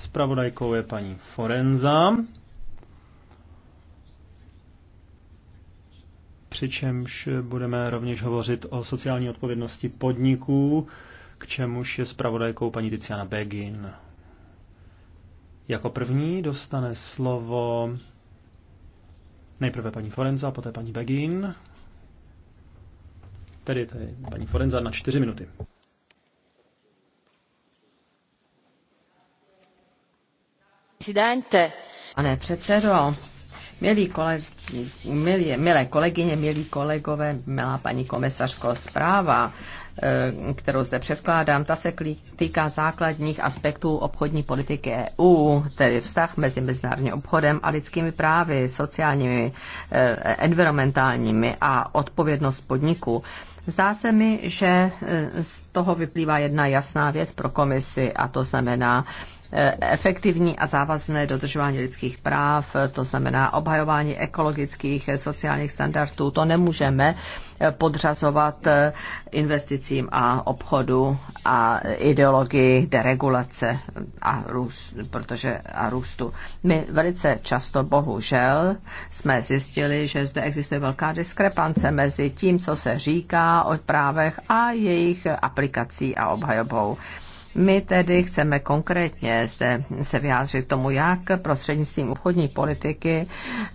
Spravodajkou je paní Forenza. Přičemž budeme rovněž hovořit o sociální odpovědnosti podniků, k čemuž je spravodajkou paní Tiziana Begin. Jako první dostane slovo nejprve paní Forenza, poté paní Begin. Tedy, tedy paní Forenza na čtyři minuty. Pane předsedo, milí koleg, milí, milé kolegyně, milí kolegové, milá paní komisařko, zpráva, eh, kterou zde předkládám, ta se týká základních aspektů obchodní politiky EU, tedy vztah mezi mezinárodním obchodem a lidskými právy, sociálními, eh, environmentálními a odpovědnost podniku. Zdá se mi, že eh, z toho vyplývá jedna jasná věc pro komisi, a to znamená efektivní a závazné dodržování lidských práv, to znamená obhajování ekologických, sociálních standardů. To nemůžeme podřazovat investicím a obchodu a ideologii deregulace a, růst, protože, a růstu. My velice často, bohužel, jsme zjistili, že zde existuje velká diskrepance mezi tím, co se říká o právech a jejich aplikací a obhajobou. My tedy chceme konkrétně zde se vyjádřit k tomu, jak prostřednictvím obchodní politiky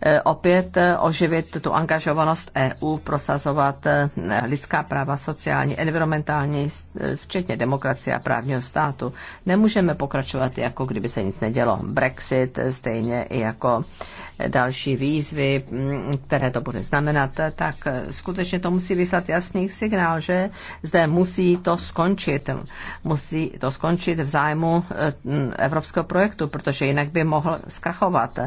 eh, opět eh, oživit tu angažovanost EU, prosazovat eh, lidská práva, sociální, environmentální, včetně demokracie a právního státu. Nemůžeme pokračovat, jako kdyby se nic nedělo. Brexit stejně i jako další výzvy, mm, které to bude znamenat, tak skutečně to musí vyslat jasný signál, že zde musí to skončit. Musí to skončit v zájmu eh, mm, evropského projektu, protože jinak by mohl zkrachovat.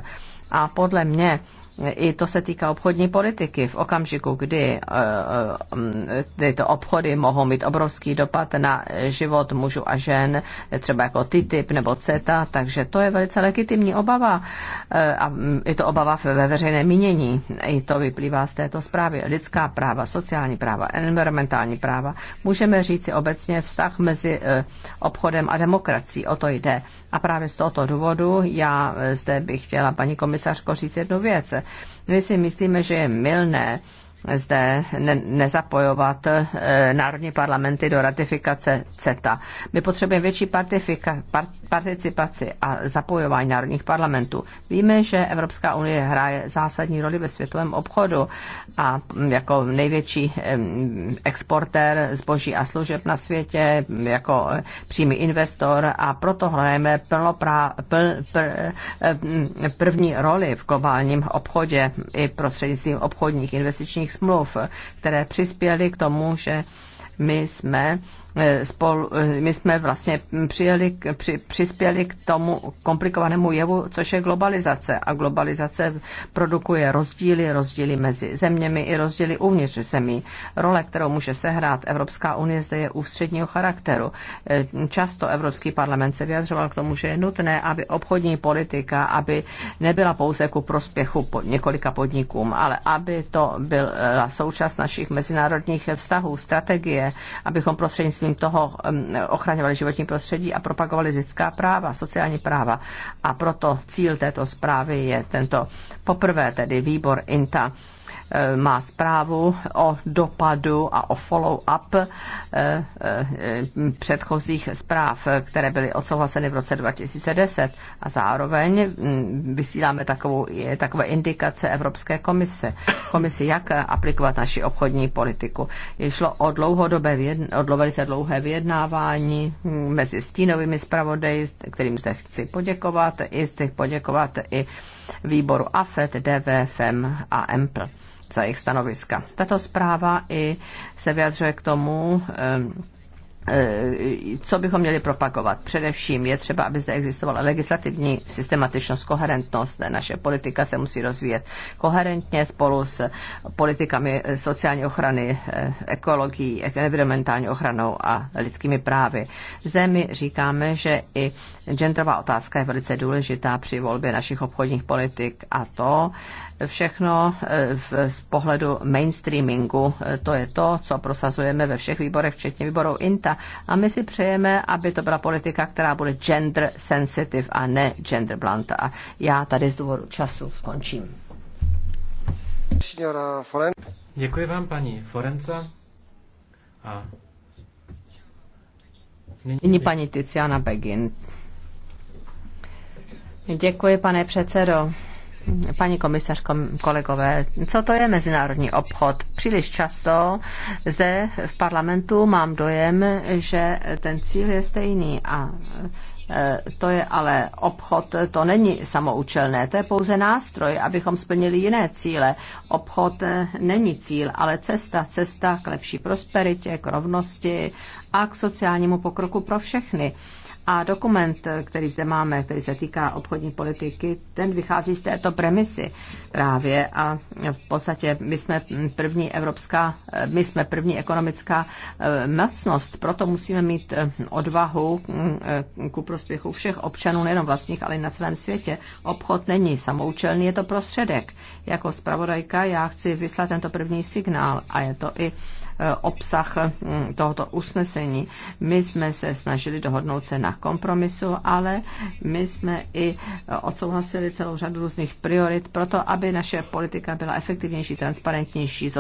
A podle mě i to se týká obchodní politiky. V okamžiku, kdy eh, eh, mm, tyto obchody mohou mít obrovský dopad na život mužů a žen, třeba jako TTIP nebo CETA, takže to je velice legitimní obava. Eh, a mm, je to obava ve veřejné mínění. I to vyplývá z této zprávy. Lidská práva, sociální práva, environmentální práva. Můžeme říci obecně vztah mezi obchodem a demokracií. O to jde. A právě z tohoto důvodu já zde bych chtěla paní komisařko říct jednu věc my si myslíme, že je milné, zde nezapojovat eh, národní parlamenty do ratifikace CETA. My potřebujeme větší participaci a zapojování národních parlamentů. Víme, že Evropská unie hraje zásadní roli ve světovém obchodu a mm, jako největší exportér zboží a služeb na světě, jako eh, přímý investor a proto hrajeme plnoprá- pl- pr- eh, mm, první roli v globálním obchodě i prostřednictvím obchodních investičních mezinárodních smluv, které přispěly k tomu, že my jsme Eh, spolu, eh, my jsme vlastně přijeli, při, přispěli k tomu komplikovanému jevu, což je globalizace. A globalizace produkuje rozdíly, rozdíly mezi zeměmi i rozdíly uvnitř zemí. Role, kterou může sehrát Evropská unie, zde je ústředního charakteru. Eh, často Evropský parlament se vyjadřoval k tomu, že je nutné, aby obchodní politika, aby nebyla pouze ku prospěchu pod několika podnikům, ale aby to byla součást našich mezinárodních vztahů, strategie, abychom prostřednictvím prostřednictvím toho ochraňovali životní prostředí a propagovali lidská práva, sociální práva. A proto cíl této zprávy je tento poprvé tedy výbor INTA Eh, má zprávu o dopadu a o follow-up eh, eh, předchozích zpráv, které byly odsouhlaseny v roce 2010 a zároveň mm, vysíláme takovou, takové indikace Evropské komise, komisi, jak aplikovat naši obchodní politiku. šlo o dlouhodobé, o velice dlouhé vyjednávání mm, mezi stínovými zpravodaji, kterým se chci poděkovat, i z těch poděkovat i výboru AFET, DVFM a EMPL za jejich stanoviska. Tato zpráva i se vyjadřuje k tomu, Eh, co bychom měli propagovat? Především je třeba, aby zde existovala legislativní systematičnost, koherentnost. Naše politika se musí rozvíjet koherentně spolu s politikami eh, sociální ochrany, eh, ekologií, environmentální ochranou a lidskými právy. Zde my říkáme, že i genderová otázka je velice důležitá při volbě našich obchodních politik a to všechno z pohledu mainstreamingu, to je to, co prosazujeme ve všech výborech, včetně výboru INTA, a my si přejeme, aby to byla politika, která bude gender sensitive a ne gender blunt. A já tady z důvodu času skončím. Děkuji vám, paní Forenza. A Nyní paní Tiziana Begin. Děkuji, pane předsedo. Paní komisařko, kolegové, co to je mezinárodní obchod? Příliš často zde v parlamentu mám dojem, že ten cíl je stejný a e, to je ale obchod, to není samoučelné, to je pouze nástroj, abychom splnili jiné cíle. Obchod e, není cíl, ale cesta, cesta k lepší prosperitě, k rovnosti a k sociálnímu pokroku pro všechny. A dokument, který zde máme, který se týká obchodní politiky, ten vychází z této premisy právě. A v podstatě my jsme první evropská, my jsme první ekonomická eh, mocnost, proto musíme mít eh, odvahu mm, eh, ku prospěchu všech občanů, nejenom vlastních, ale i na celém světě. Obchod není samoučelný, je to prostředek. Jako zpravodajka já chci vyslat tento první signál a je to i obsah mm, tohoto usnesení. My jsme se snažili dohodnout se na kompromisu, ale my jsme i odsouhlasili celou řadu různých priorit proto, aby naše politika byla efektivnější, transparentnější,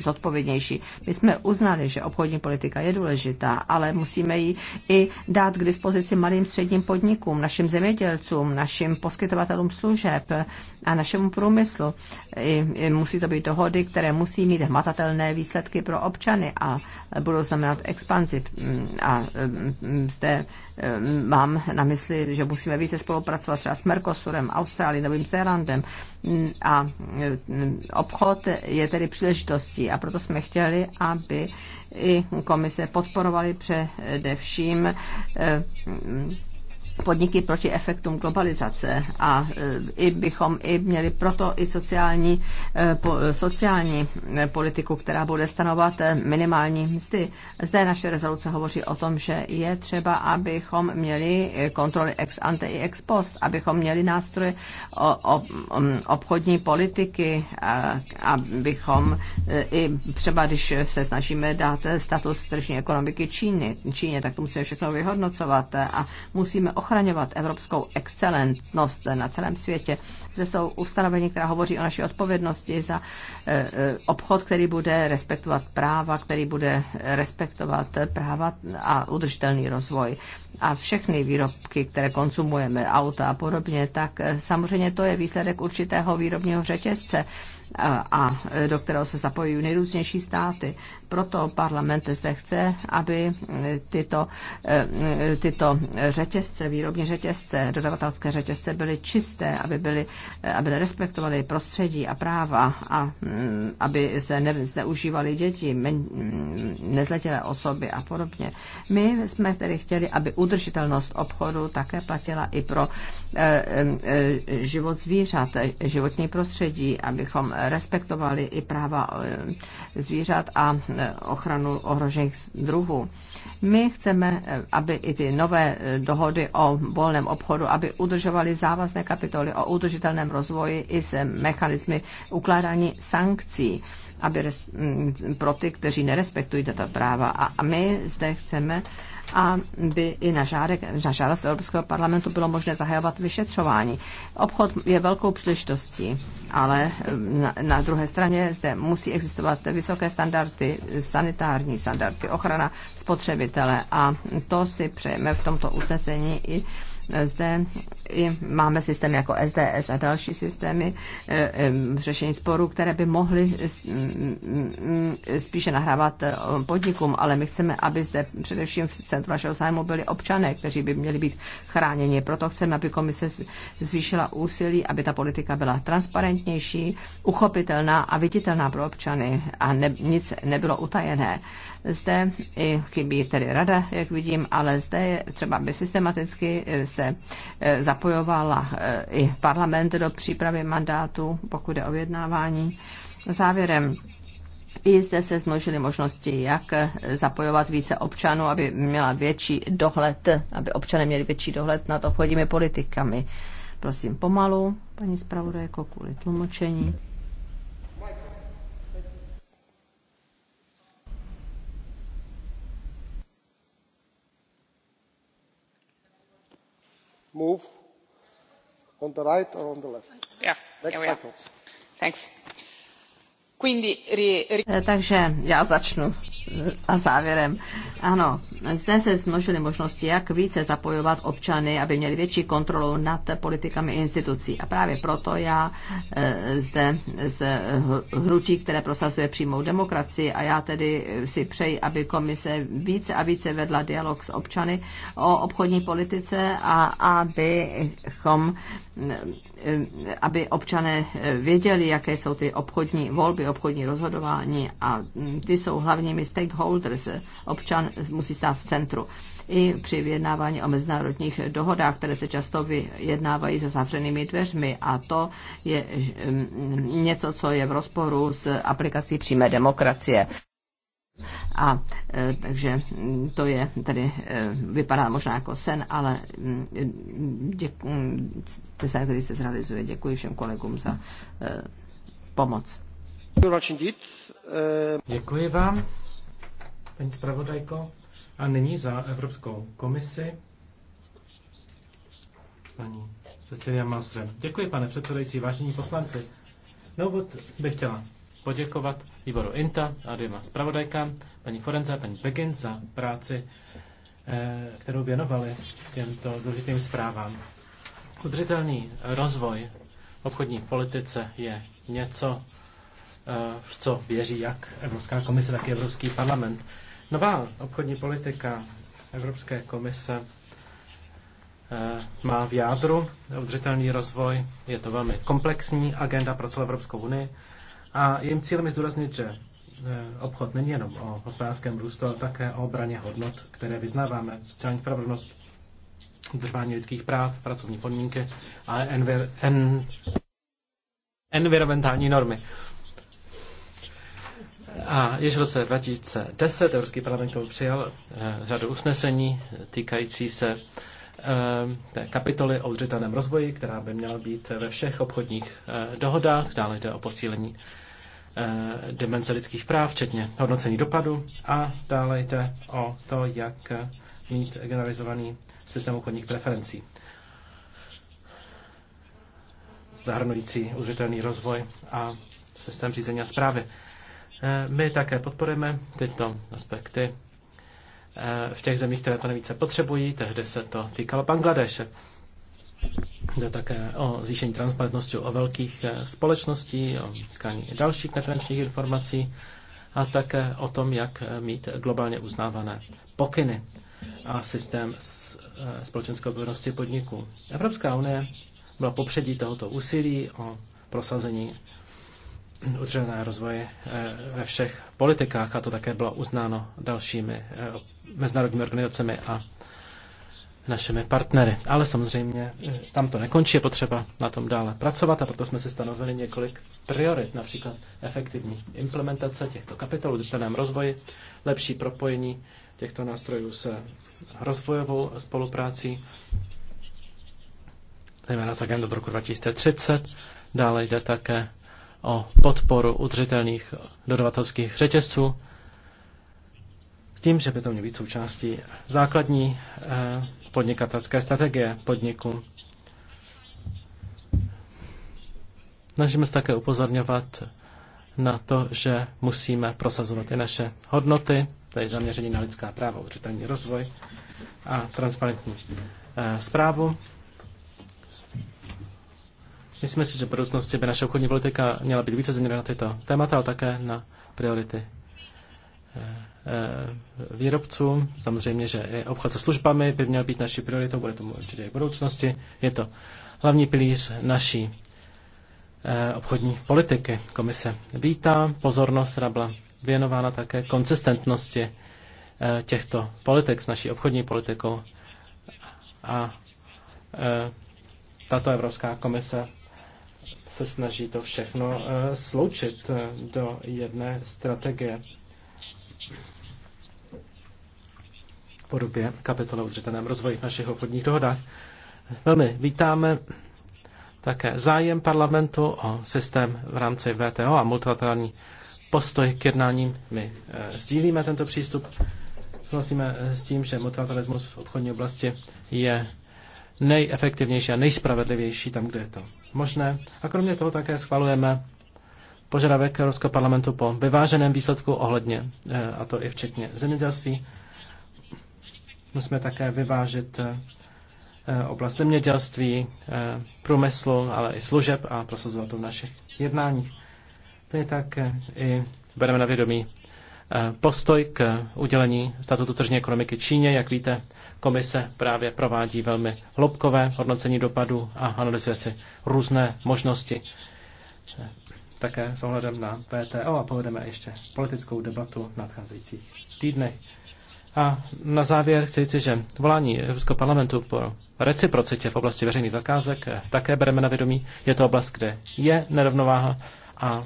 zodpovědnější. My jsme uznali, že obchodní politika je důležitá, ale musíme ji i dát k dispozici malým středním podnikům, našim zemědělcům, našim poskytovatelům služeb a našemu průmyslu. I, i musí to být dohody, které musí mít hmatatelné výsledky pro pro občany a budou znamenat expanzi. A mm, zde mm, mám na mysli, že musíme více spolupracovat třeba s Mercosurem, Austrálií, Novým Zélandem a mm, obchod je tedy příležitostí a proto jsme chtěli, aby i komise podporovali především eh, podniky proti efektům globalizace a e, i bychom i měli proto i sociální, e, po, sociální e, politiku, která bude stanovat minimální mzdy. Zde naše rezoluce hovoří o tom, že je třeba, abychom měli kontroly ex ante i ex post, abychom měli nástroje o, o, obchodní politiky, a, abychom i třeba, když se snažíme dát status tržní ekonomiky Číny, Číně, tak to musíme všechno vyhodnocovat a musíme ochránit ochraňovat evropskou excelentnost na celém světě. Zde jsou ustanovení, která hovoří o naší odpovědnosti za e, e, obchod, který bude respektovat práva, který bude respektovat práva a udržitelný rozvoj. A všechny výrobky, které konzumujeme, auta a podobně, tak e, samozřejmě to je výsledek určitého výrobního řetězce a do kterého se zapojují nejrůznější státy. Proto parlament zde chce, aby e, tyto, e, e, tyto řetězce, výrobní řetězce, dodavatelské řetězce byly čisté, aby, byly, aby respektovaly prostředí a práva a mm, aby se nezneužívaly děti, men, nezletilé osoby a podobně. My jsme tedy chtěli, aby udržitelnost obchodu také platila i pro život zvířat, životní prostředí, abychom respektovali i práva eh, zvířat a eh, ochranu ohrožených druhů. My chceme, eh, aby i ty nové dohody o volném obchodu, aby udržovaly závazné kapitoly o udržitelném rozvoji i se mechanizmy ukládání sankcí aby res, mm, pro ty, kteří nerespektují tato práva. A my zde chceme, a by i na, žádek, na žádost Evropského parlamentu bylo možné zahajovat vyšetřování. Obchod je velkou příležitostí, ale na, na druhé straně zde musí existovat vysoké standardy, sanitární standardy, ochrana spotřebitele a to si přejeme v tomto usnesení i zde i máme systém jako SDS a další systémy e, e, řešení sporů, které by mohly mm, spíše nahrávat e, podnikům, ale my chceme, aby zde především v centru našeho zájmu byli občané, kteří by měli být chráněni. Proto chceme, aby komise zvýšila úsilí, aby ta politika byla transparentnější, uchopitelná a viditelná pro občany a ne, nic nebylo utajené. Zde i chybí tedy rada, jak vidím, ale zde je třeba by systematicky se eh, zapojovala eh, i parlament do přípravy mandátu, pokud je o vyjednávání. Závěrem i zde se zmnožily možnosti, jak eh, zapojovat více občanů, aby měla větší dohled, aby občané měli větší dohled nad obchodními politikami. Prosím pomalu, paní zpravodajko, kvůli tlumočení. move on the right Takže já začnu a závěrem, ano, zde se zmnožily možnosti, jak více zapojovat občany, aby měli větší kontrolu nad politikami institucí. A právě proto já eh, zde z hnutí, které prosazuje přímou demokracii, a já tedy si přeji, aby komise více a více vedla dialog s občany o obchodní politice a abychom aby občané věděli, jaké jsou ty obchodní volby, obchodní rozhodování a ty jsou hlavními stakeholders. Občan musí stát v centru. I při vyjednávání o mezinárodních dohodách, které se často vyjednávají se zavřenými dveřmi a to je něco, co je v rozporu s aplikací přímé demokracie. A e, takže mm, to je tedy, e, vypadá možná jako sen, ale děkuji, ten sen, se zrealizuje. Děkuji všem kolegům za e, pomoc. Děkuji vám, paní zpravodajko. A nyní za Evropskou komisi paní Cecilia Malström. Děkuji, pane předsedající, vážení poslanci. No, bych chtěla poděkovat výboru INTA a dvěma zpravodajkám, paní Forenza a paní Begin, za práci, eh, kterou věnovali těmto důležitým zprávám. Udržitelný rozvoj obchodní politice je něco, eh, v co věří jak Evropská komise, tak i Evropský parlament. Nová obchodní politika Evropské komise eh, má v jádru udržitelný rozvoj. Je to velmi komplexní agenda pro celou Evropskou unii a jejím cílem je zdůraznit, že e, obchod není jenom o hospodářském růstu, ale také o obraně hodnot, které vyznáváme, sociální spravedlnost, udržování lidských práv, pracovní podmínky a envir, en, environmentální normy. A již v roce 2010 Evropský parlament to přijal eh, řadu usnesení týkající se e, té kapitoly o udržitelném rozvoji, která by měla být ve všech obchodních e, dohodách. Dále jde o posílení Eh, dimenze lidských práv, včetně hodnocení dopadu a dále jde o to, jak mít generalizovaný systém obchodních preferencí zahrnující užitelný rozvoj a systém řízení a zprávy. Eh, my také podporujeme tyto aspekty eh, v těch zemích, které to nejvíce potřebují. Tehdy se to týkalo Bangladeše. Jde také o zvýšení transparentnosti o velkých eh, společností, o získání dalších referenčních informací a také o tom, jak eh, mít globálně uznávané pokyny a systém eh, společenské odpovědnosti podniků. Evropská unie byla popředí tohoto úsilí o prosazení udržené rozvoje ve všech politikách a to také bylo uznáno dalšími mezinárodními organizacemi a našimi partnery. Ale samozřejmě eh, tam to nekončí, je potřeba na tom dále pracovat a proto jsme si stanovili několik priorit, například efektivní implementace těchto kapitol v udržitelném rozvoji, lepší propojení těchto nástrojů se rozvojovou spoluprácí, zejména s agendou roku 2030. Dále jde také o podporu udržitelných dodavatelských řetězců, tím, že by to mělo být součástí základní eh, podnikatelské strategie podniku. Snažíme se také upozorňovat na to, že musíme prosazovat i naše hodnoty, tedy zaměření na lidská práva, udržitelný rozvoj a transparentní zprávu. Eh, Myslím si, že v budoucnosti by naše obchodní politika měla být více zaměřena na tyto témata, ale také na priority eh, Eh, výrobcům. Samozřejmě, že i obchod se službami by měl být naší prioritou, bude tomu určitě i v budoucnosti. Je to hlavní pilíř naší eh, obchodní politiky. Komise vítá, pozornost která byla věnována také konsistentnosti eh, těchto politik s naší obchodní politikou. A tato Evropská komise se snaží to všechno sloučit do jedné strategie. podobě kapitoly o udržitelném rozvoji v našich obchodních dohodách. Velmi vítáme také zájem parlamentu o systém v rámci VTO a multilaterální postoj k jednáním. My eh, sdílíme tento přístup. Souhlasíme eh, s tím, že multilateralismus v obchodní oblasti je nejefektivnější a nejspravedlivější tam, kde je to možné. A kromě toho také schvalujeme požadavek Evropského parlamentu po vyváženém výsledku ohledně, eh, a to i včetně zemědělství, Musíme také vyvážet eh, eh, oblast zemědělství, eh, průmyslu, ale i služeb a prosazovat to v našich jednáních. To je tak i bereme na vědomí postoj k udělení statutu tržní ekonomiky Číně. Jak víte, komise právě provádí velmi hloubkové hodnocení dopadu a analyzuje si různé možnosti. Také s ohledem na VTO a povedeme ještě politickou debatu v nadcházejících týdnech. A na závěr chci říct, že volání Evropského parlamentu po reciprocitě v oblasti veřejných zakázek eh, také bereme na vědomí. Je to oblast, kde je nerovnováha a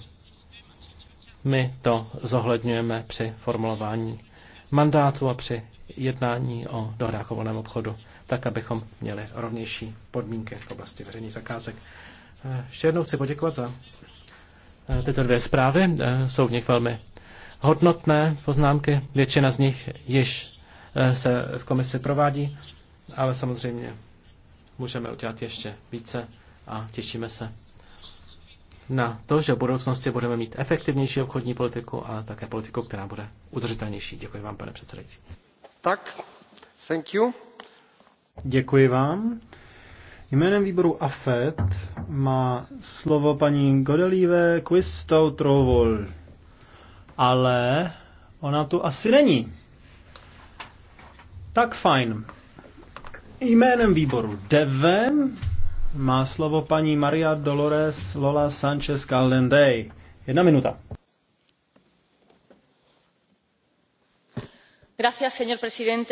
my to zohledňujeme při formulování mandátu a při jednání o dohodách o volném obchodu, tak abychom měli rovnější podmínky v oblasti veřejných zakázek. Eh, ještě jednou chci poděkovat za eh, tyto dvě zprávy. Jsou v nich velmi hodnotné poznámky, většina z nich již eh, se v komisi provádí, ale samozřejmě můžeme udělat ještě více a těšíme se na to, že v budoucnosti budeme mít efektivnější obchodní politiku a také politiku, která bude udržitelnější. Děkuji vám, pane předsedající. Tak, thank you. Děkuji vám. Jménem výboru AFET má slovo paní Godelíve Quistoutrovol ale ona tu asi není. Tak fajn. Jménem výboru DEVE má slovo paní Maria Dolores Lola Sanchez Caldendey. Jedna minuta.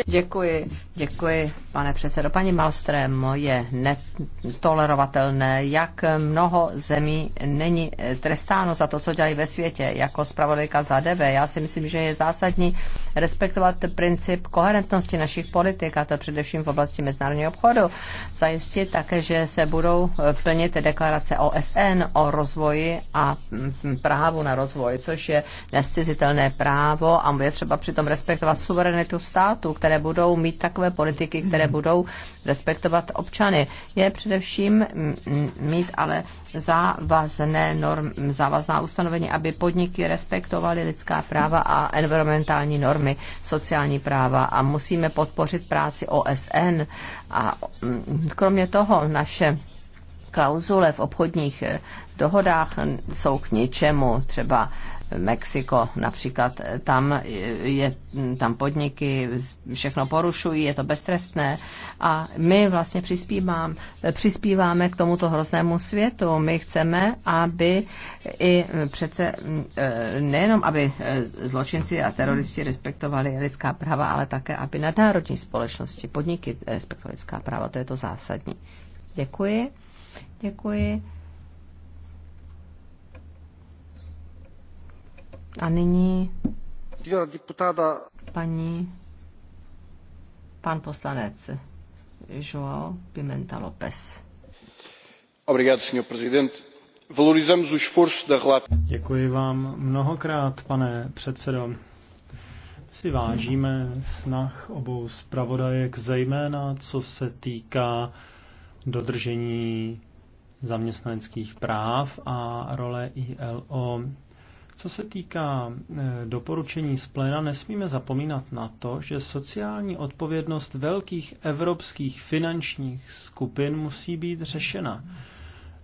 Děkuji, děkuji, pane předsedo. Paní Malstrém, je netolerovatelné, jak mnoho zemí není trestáno za to, co dělají ve světě. Jako zpravodajka za DV, já si myslím, že je zásadní respektovat princip koherentnosti našich politik, a to především v oblasti mezinárodního obchodu. Zajistit také, že se budou plnit deklarace OSN o rozvoji a právu na rozvoj, což je nescizitelné právo a je třeba přitom respektovat suverenitu suverenitu státu, které budou mít takové politiky, které budou respektovat občany, je především mít ale závazné norm, závazná ustanovení, aby podniky respektovaly lidská práva a environmentální normy, sociální práva a musíme podpořit práci OSN a kromě toho naše klauzule v obchodních eh, dohodách jsou k ničemu. Třeba Mexiko například, tam, je, tam podniky všechno porušují, je to beztrestné a my vlastně přispívám, přispíváme k tomuto hroznému světu. My chceme, aby i přece nejenom, aby zločinci a teroristi respektovali lidská práva, ale také, aby nadnárodní společnosti, podniky respektovali lidská práva. To je to zásadní. Děkuji. Děkuji. A nyní paní pan poslanec João Pimenta Lopes. Děkuji vám mnohokrát, pane předsedo. Si vážíme snah obou zpravodajek, zejména co se týká dodržení zaměstnaneckých práv a role ILO co se týká e, doporučení z pléna, nesmíme zapomínat na to, že sociální odpovědnost velkých evropských finančních skupin musí být řešena.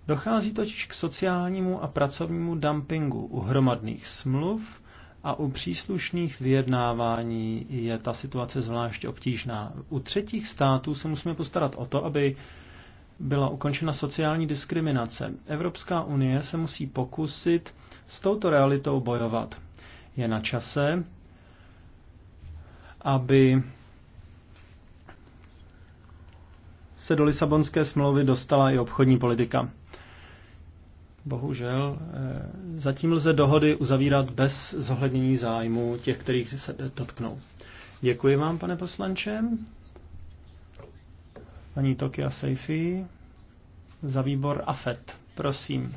Dochází totiž k sociálnímu a pracovnímu dumpingu u hromadných smluv a u příslušných vyjednávání je ta situace zvlášť obtížná. U třetích států se musíme postarat o to, aby byla ukončena sociální diskriminace. Evropská unie se musí pokusit s touto realitou bojovat. Je na čase, aby se do Lisabonské smlouvy dostala i obchodní politika. Bohužel, eh, zatím lze dohody uzavírat bez zohlednění zájmu těch, kterých se dotknou. Děkuji vám, pane poslanče. Paní Tokia Seifi za výbor AFET. Prosím.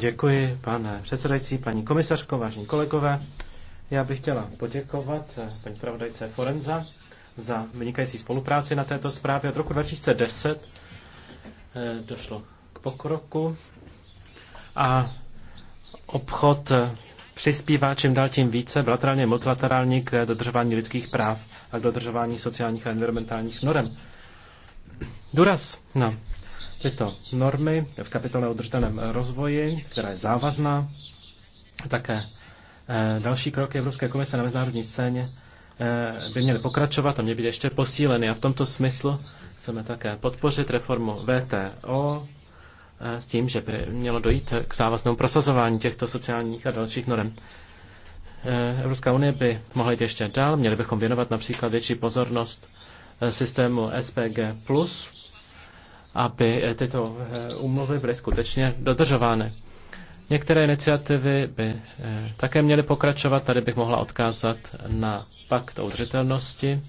Děkuji, pane předsedající, paní komisařko, vážení kolegové. Já bych chtěla poděkovat eh, paní pravodajce Forenza za vynikající spolupráci na této zprávě. Od roku 2010 eh, došlo k pokroku a obchod eh, přispívá čím dál tím více bilaterálně multilaterálně k dodržování lidských práv a k dodržování sociálních a environmentálních norm. Důraz na tyto normy v kapitole o udržitelném rozvoji, která je závazná, také eh, další kroky Evropské komise na mezinárodní scéně eh, by měly pokračovat a měly být ještě posíleny. A v tomto smyslu chceme také podpořit reformu VTO eh, s tím, že by mělo dojít k závaznému prosazování těchto sociálních a dalších norm. Evropská unie by mohla jít ještě dál. Měli bychom věnovat například větší pozornost systému SPG+, aby tyto eh, úmluvy byly skutečně dodržovány. Některé iniciativy by eh, také měly pokračovat. Tady bych mohla odkázat na pakt o udržitelnosti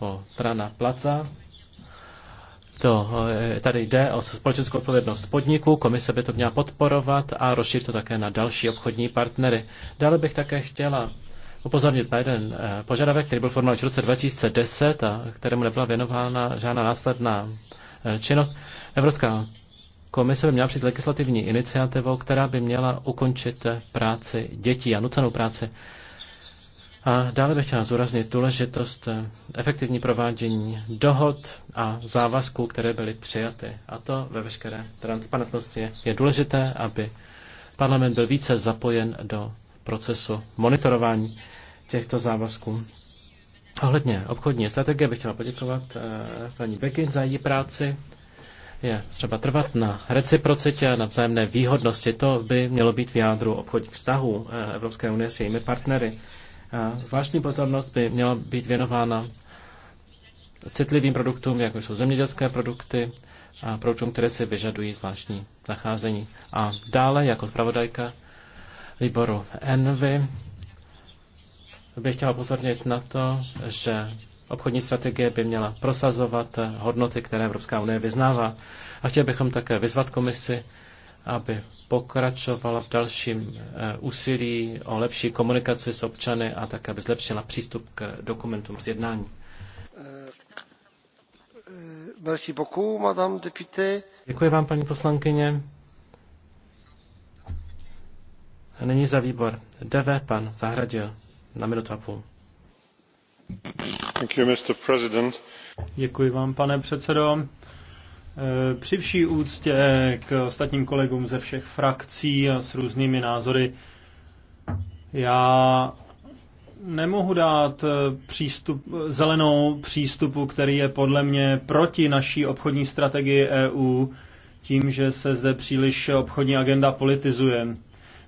o Trana Plaza. To, eh, tady jde o společenskou odpovědnost podniků, komise by to měla podporovat a rozšířit to také na další obchodní partnery. Dále bych také chtěla upozornit na jeden eh, požadavek, který byl formulován v roce 2010 a kterému nebyla věnována žádná následná eh, činnost. Evropská komise by měla přijít legislativní iniciativou, která by měla ukončit eh, práci dětí a nucenou práci. A dále bych chtěla zúraznit důležitost efektivní provádění dohod a závazků, které byly přijaty. A to ve veškeré transparentnosti je důležité, aby parlament byl více zapojen do procesu monitorování těchto závazků. Ohledně obchodní strategie bych chtěla poděkovat eh, paní Begin za její práci. Je třeba trvat na reciprocitě a na vzájemné výhodnosti. To by mělo být v jádru obchodních vztahů eh, Evropské unie s jejími partnery. Zvláštní pozornost by měla být věnována citlivým produktům, jako jsou zemědělské produkty a produktům, které si vyžadují zvláštní zacházení. A dále, jako zpravodajka výboru Envy, bych chtěla upozornit na to, že obchodní strategie by měla prosazovat hodnoty, které Evropská unie vyznává. A chtěli bychom také vyzvat komisi, aby pokračovala v dalším eh, úsilí o lepší komunikaci s občany a také aby zlepšila přístup k dokumentům z jednání. Eh, eh, Děkuji vám, paní poslankyně. A nyní za výbor DV pan Zahradil. Děkuji vám, pane předsedo. Eh, při vší úctě k ostatním kolegům ze všech frakcí a s různými názory, já nemohu dát eh, přístup, zelenou přístupu, který je podle mě proti naší obchodní strategii EU, tím, že se zde příliš obchodní agenda politizuje.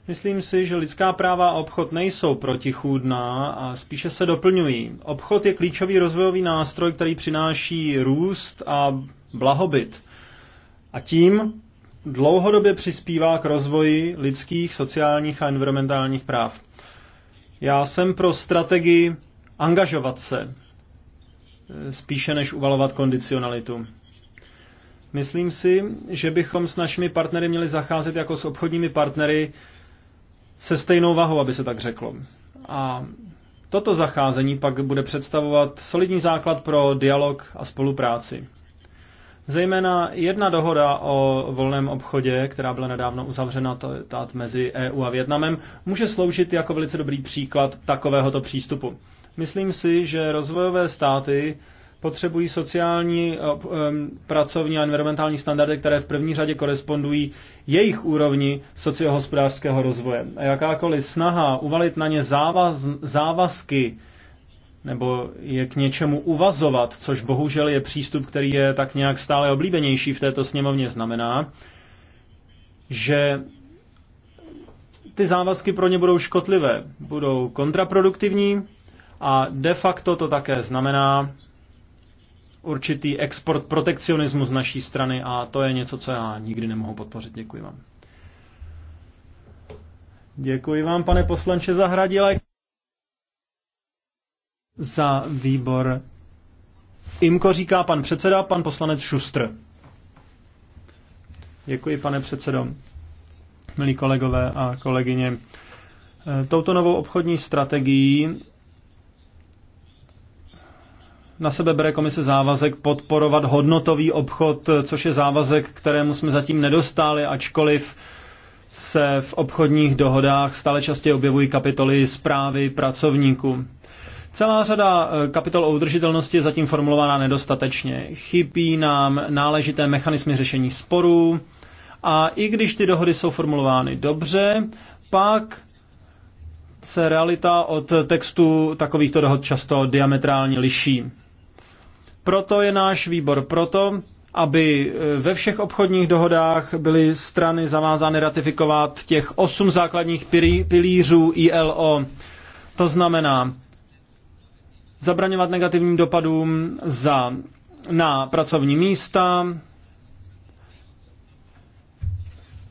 Myslím si, že lidská práva a obchod nejsou protichůdná a spíše se doplňují. Obchod je klíčový rozvojový nástroj, který přináší růst a blahobyt. A tím dlouhodobě přispívá k rozvoji lidských, sociálních a environmentálních práv. Já jsem pro strategii angažovat se, spíše než uvalovat kondicionalitu. Myslím si, že bychom s našimi partnery měli zacházet jako s obchodními partnery, se stejnou vahou, aby se tak řeklo. A toto zacházení pak bude představovat solidní základ pro dialog a spolupráci. Zejména jedna dohoda o volném obchodě, která byla nedávno uzavřena tát mezi EU a Větnamem, může sloužit jako velice dobrý příklad takovéhoto přístupu. Myslím si, že rozvojové státy potřebují sociální, eh, eh, pracovní a environmentální standardy, které v první řadě korespondují jejich úrovni sociohospodářského rozvoje. A jakákoliv snaha uvalit na ně závaz, závazky nebo je k něčemu uvazovat, což bohužel je přístup, který je tak nějak stále oblíbenější v této sněmovně, znamená, že ty závazky pro ně budou škodlivé, budou kontraproduktivní a de facto to také znamená, určitý export protekcionismu z naší strany a to je něco, co já nikdy nemohu podpořit. Děkuji vám. Děkuji vám, pane poslanče Zahradile, za výbor. Imko říká pan předseda, pan poslanec Šustr. Děkuji, pane předsedo. Milí kolegové a kolegyně, e, touto novou obchodní strategií na sebe bere komise závazek podporovat hodnotový obchod, což je závazek, kterému jsme zatím nedostali, ačkoliv se v obchodních dohodách stále častěji objevují kapitoly zprávy pracovníků. Celá řada eh, kapitol o udržitelnosti je zatím formulována nedostatečně. Chybí nám náležité mechanismy řešení sporů a i když ty dohody jsou formulovány dobře, pak se realita od textu takovýchto dohod často diametrálně liší. Proto je náš výbor proto, aby eh, ve všech obchodních dohodách byly strany zavázány ratifikovat těch osm základních pilířů ILO. To znamená zabraňovat negativním dopadům za, na pracovní místa,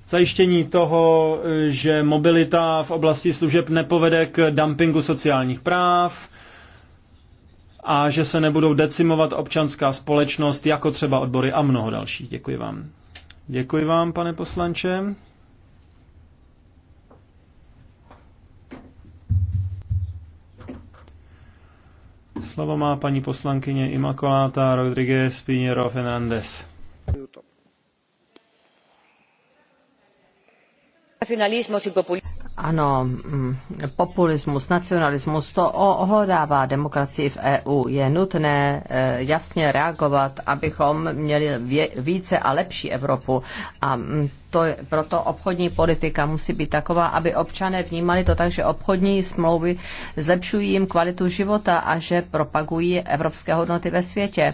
zajištění toho, eh, že mobilita v oblasti služeb nepovede k dumpingu sociálních práv, a že se nebudou decimovat občanská společnost, jako třeba odbory a mnoho dalších. Děkuji vám. Děkuji vám, pane poslanče. Slovo má paní poslankyně Imakoláta Rodriguez Pinheiro Fernández. Nacionalismo y populismo. Ano, mm, populismus, nacionalismus, to ohlodává demokracii v EU. Je nutné eh, jasně reagovat, abychom měli více a lepší Evropu. A mm, to je, proto obchodní politika musí být taková, aby občané vnímali to tak, že obchodní smlouvy zlepšují jim kvalitu života a že propagují evropské hodnoty ve světě.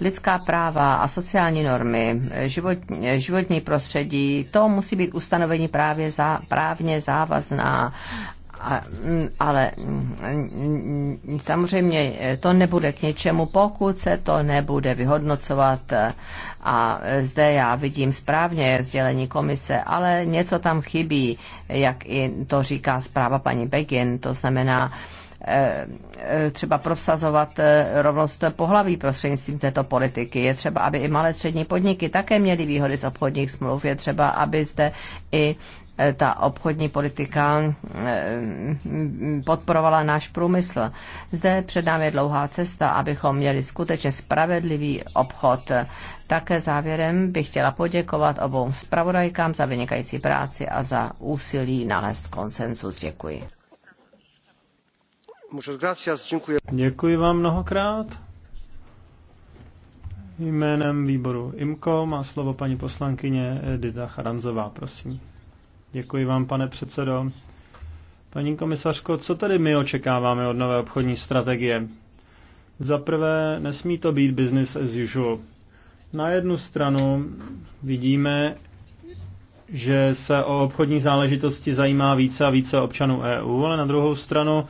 Lidská práva a sociální normy, život, životní prostředí, to musí být ustanovení právě za, právně závazná a, ale mm, samozřejmě to nebude k ničemu, pokud se to nebude vyhodnocovat. A zde já vidím správně sdělení komise, ale něco tam chybí, jak i to říká zpráva paní Begin, to znamená, e, e, třeba prosazovat e, rovnost pohlaví prostřednictvím této politiky. Je třeba, aby i malé střední podniky také měly výhody z obchodních smluv. Je třeba, aby zde i Eh, ta obchodní politika eh, podporovala náš průmysl. Zde před námi je dlouhá cesta, abychom měli skutečně spravedlivý obchod. Také závěrem bych chtěla poděkovat obou zpravodajkám za vynikající práci a za úsilí nalézt konsensus. Děkuji. Děkuji. Děkuji vám mnohokrát. Jménem výboru IMKO má slovo paní poslankyně Edita Charanzová, prosím. Děkuji vám, pane předsedo. Paní komisařko, co tedy my očekáváme od nové obchodní strategie? Za prvé, nesmí to být business as usual. Na jednu stranu vidíme, že se o obchodní záležitosti zajímá více a více občanů EU, ale na druhou stranu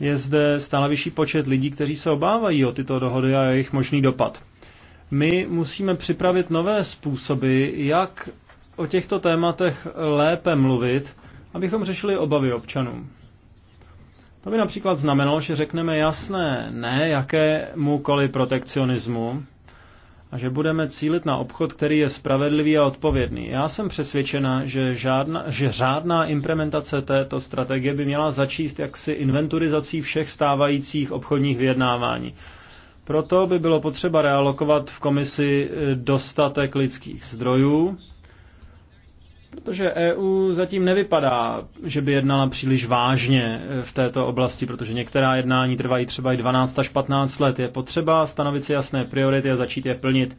je zde stále vyšší počet lidí, kteří se obávají o tyto dohody a jejich možný dopad. My musíme připravit nové způsoby, jak o těchto tématech lépe mluvit, abychom řešili obavy občanů. To by například znamenalo, že řekneme jasné ne jakémukoliv protekcionismu a že budeme cílit na obchod, který je spravedlivý a odpovědný. Já jsem přesvědčena, že, žádná, že řádná implementace této strategie by měla začíst jaksi inventurizací všech stávajících obchodních vyjednávání. Proto by bylo potřeba realokovat v komisi eh, dostatek lidských zdrojů, Protože EU zatím nevypadá, že by jednala příliš vážně e, v této oblasti, protože některá jednání trvají třeba i 12 až 15 let. Je potřeba stanovit si jasné priority a začít je plnit.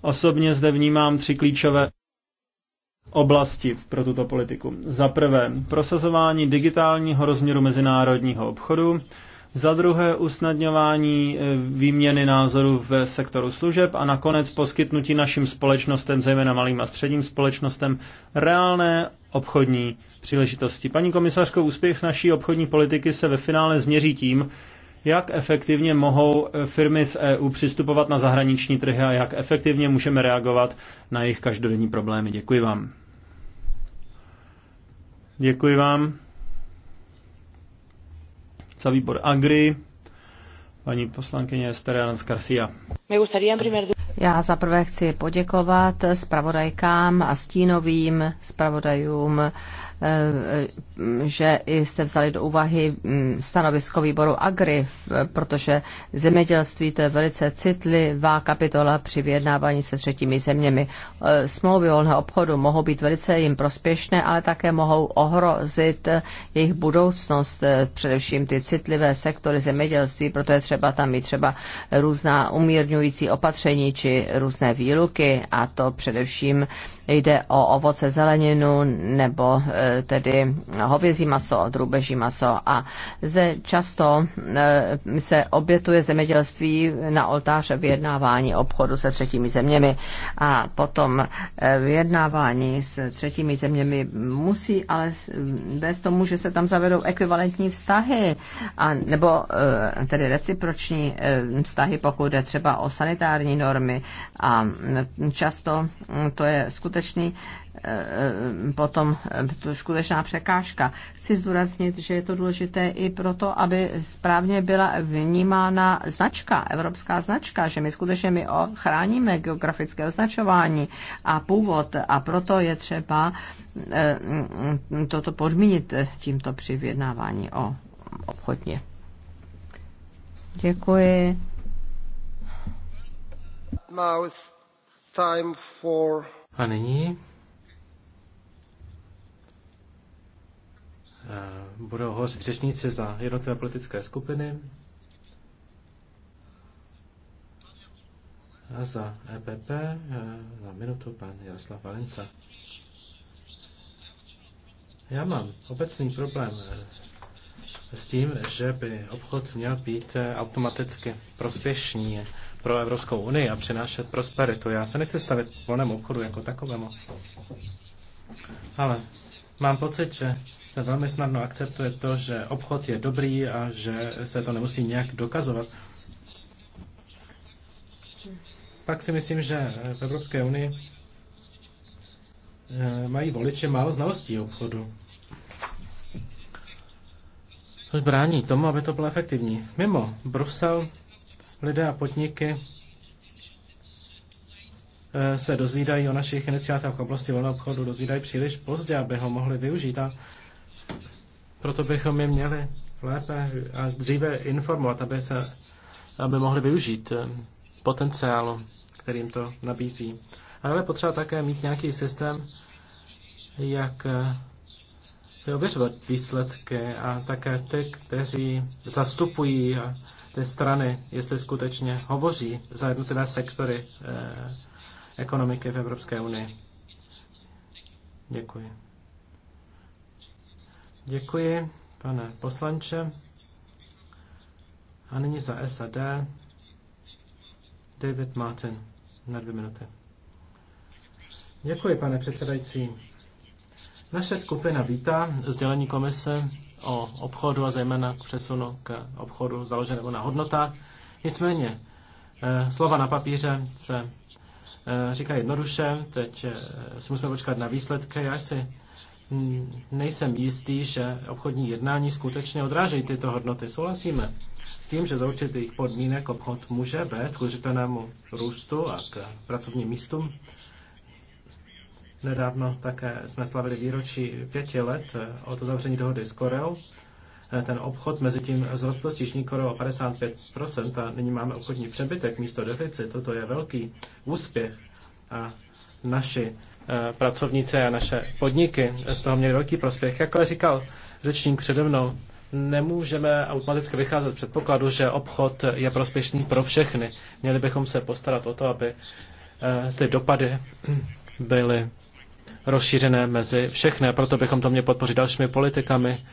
Osobně zde vnímám tři klíčové oblasti pro tuto politiku. Za prvé, prosazování digitálního rozměru mezinárodního obchodu, za druhé usnadňování e, výměny názorů v sektoru služeb a nakonec poskytnutí našim společnostem, zejména malým a středním společnostem, reálné obchodní příležitosti. Paní komisařko, úspěch naší obchodní politiky se ve finále změří tím, jak efektivně mohou e, firmy z EU přistupovat na zahraniční trhy a jak efektivně můžeme reagovat na jejich každodenní problémy. Děkuji vám. Děkuji vám za výbor Agri, paní poslankyně Esteriana Garcia. Já zaprvé chci poděkovat spravodajkám a stínovým spravodajům Eh, že jste vzali do úvahy mm, stanovisko výboru Agri, protože zemědělství to je velice citlivá kapitola při vyjednávání se třetími zeměmi. Eh, smlouvy volného obchodu mohou být velice jim prospěšné, ale také mohou ohrozit jejich budoucnost, eh, především ty citlivé sektory zemědělství, proto je třeba tam mít třeba různá umírňující opatření či různé výluky a to především jde o ovoce, zeleninu nebo e, tedy hovězí maso, drůbeží maso. A zde často e, se obětuje zemědělství na oltář vyjednávání obchodu se třetími zeměmi. A potom e, vyjednávání s třetími zeměmi musí ale bez tomu, že se tam zavedou ekvivalentní vztahy, a, nebo tedy reciproční vztahy, pokud jde třeba o sanitární normy. A často to je skutečně skutečný eh, eh, potom eh, to skutečná překážka. Chci zdůraznit, že je to důležité i proto, aby správně byla vnímána značka, evropská značka, že my skutečně my ochráníme geografické označování a původ a proto je třeba mm, toto podmínit tímto při vyjednávání o obchodně. Děkuji. Now it's time for a nyní eh, budou hořit řečníci za jednotlivé politické skupiny. A za EPP na eh, minutu pan Jaroslav Valenca. Já mám obecný problém eh, s tím, že by obchod měl být automaticky prospěšný pro Evropskou unii a přinášet prosperitu. Já se nechci stavit volnému obchodu jako takovému. Ale mám pocit, že se velmi snadno akceptuje to, že obchod je dobrý a že se to nemusí nějak dokazovat. Pak si myslím, že v Evropské unii eh, mají voliče málo znalostí obchodu. Což brání tomu, aby to bylo efektivní. Mimo Brusel lidé a podniky eh, se dozvídají o našich iniciativách v oblasti volného obchodu, dozvídají příliš pozdě, aby ho mohli využít a proto bychom je měli lépe a dříve informovat, aby, se, aby mohli využít eh, potenciálu, kterým to nabízí. Ale potřeba také mít nějaký systém, jak eh, se ověřovat výsledky a také ty, kteří zastupují a ty strany, jestli skutečně hovoří za jednotlivé sektory eh, ekonomiky v Evropské unii. Děkuji. Děkuji, pane poslanče. A nyní za SAD David Martin na dvě minuty. Děkuji, pane předsedající. Naše skupina vítá sdělení komise o obchodu a zejména k přesunu k obchodu založenému na hodnotách. Nicméně eh, slova na papíře se eh, říká jednoduše, teď eh, si musíme počkat na výsledky. Já si mm, nejsem jistý, že obchodní jednání skutečně odráží tyto hodnoty. Souhlasíme s tím, že za určitých podmínek obchod může být k růstu a k pracovním místům. Nedávno také jsme slavili výročí pěti let eh, od uzavření dohody s Koreou. Eh, ten obchod mezi tím vzrostl s Jižní Koreou o 55% a nyní máme obchodní přebytek místo deficitu. Toto je velký úspěch a naši eh, pracovníci a naše podniky z toho měli velký prospěch. Jak ale říkal řečník přede mnou, nemůžeme automaticky vycházet z předpokladu, že obchod je prospěšný pro všechny. Měli bychom se postarat o to, aby ty dopady byly rozšířené mezi všechny a proto bychom to měli podpořit dalšími politikami,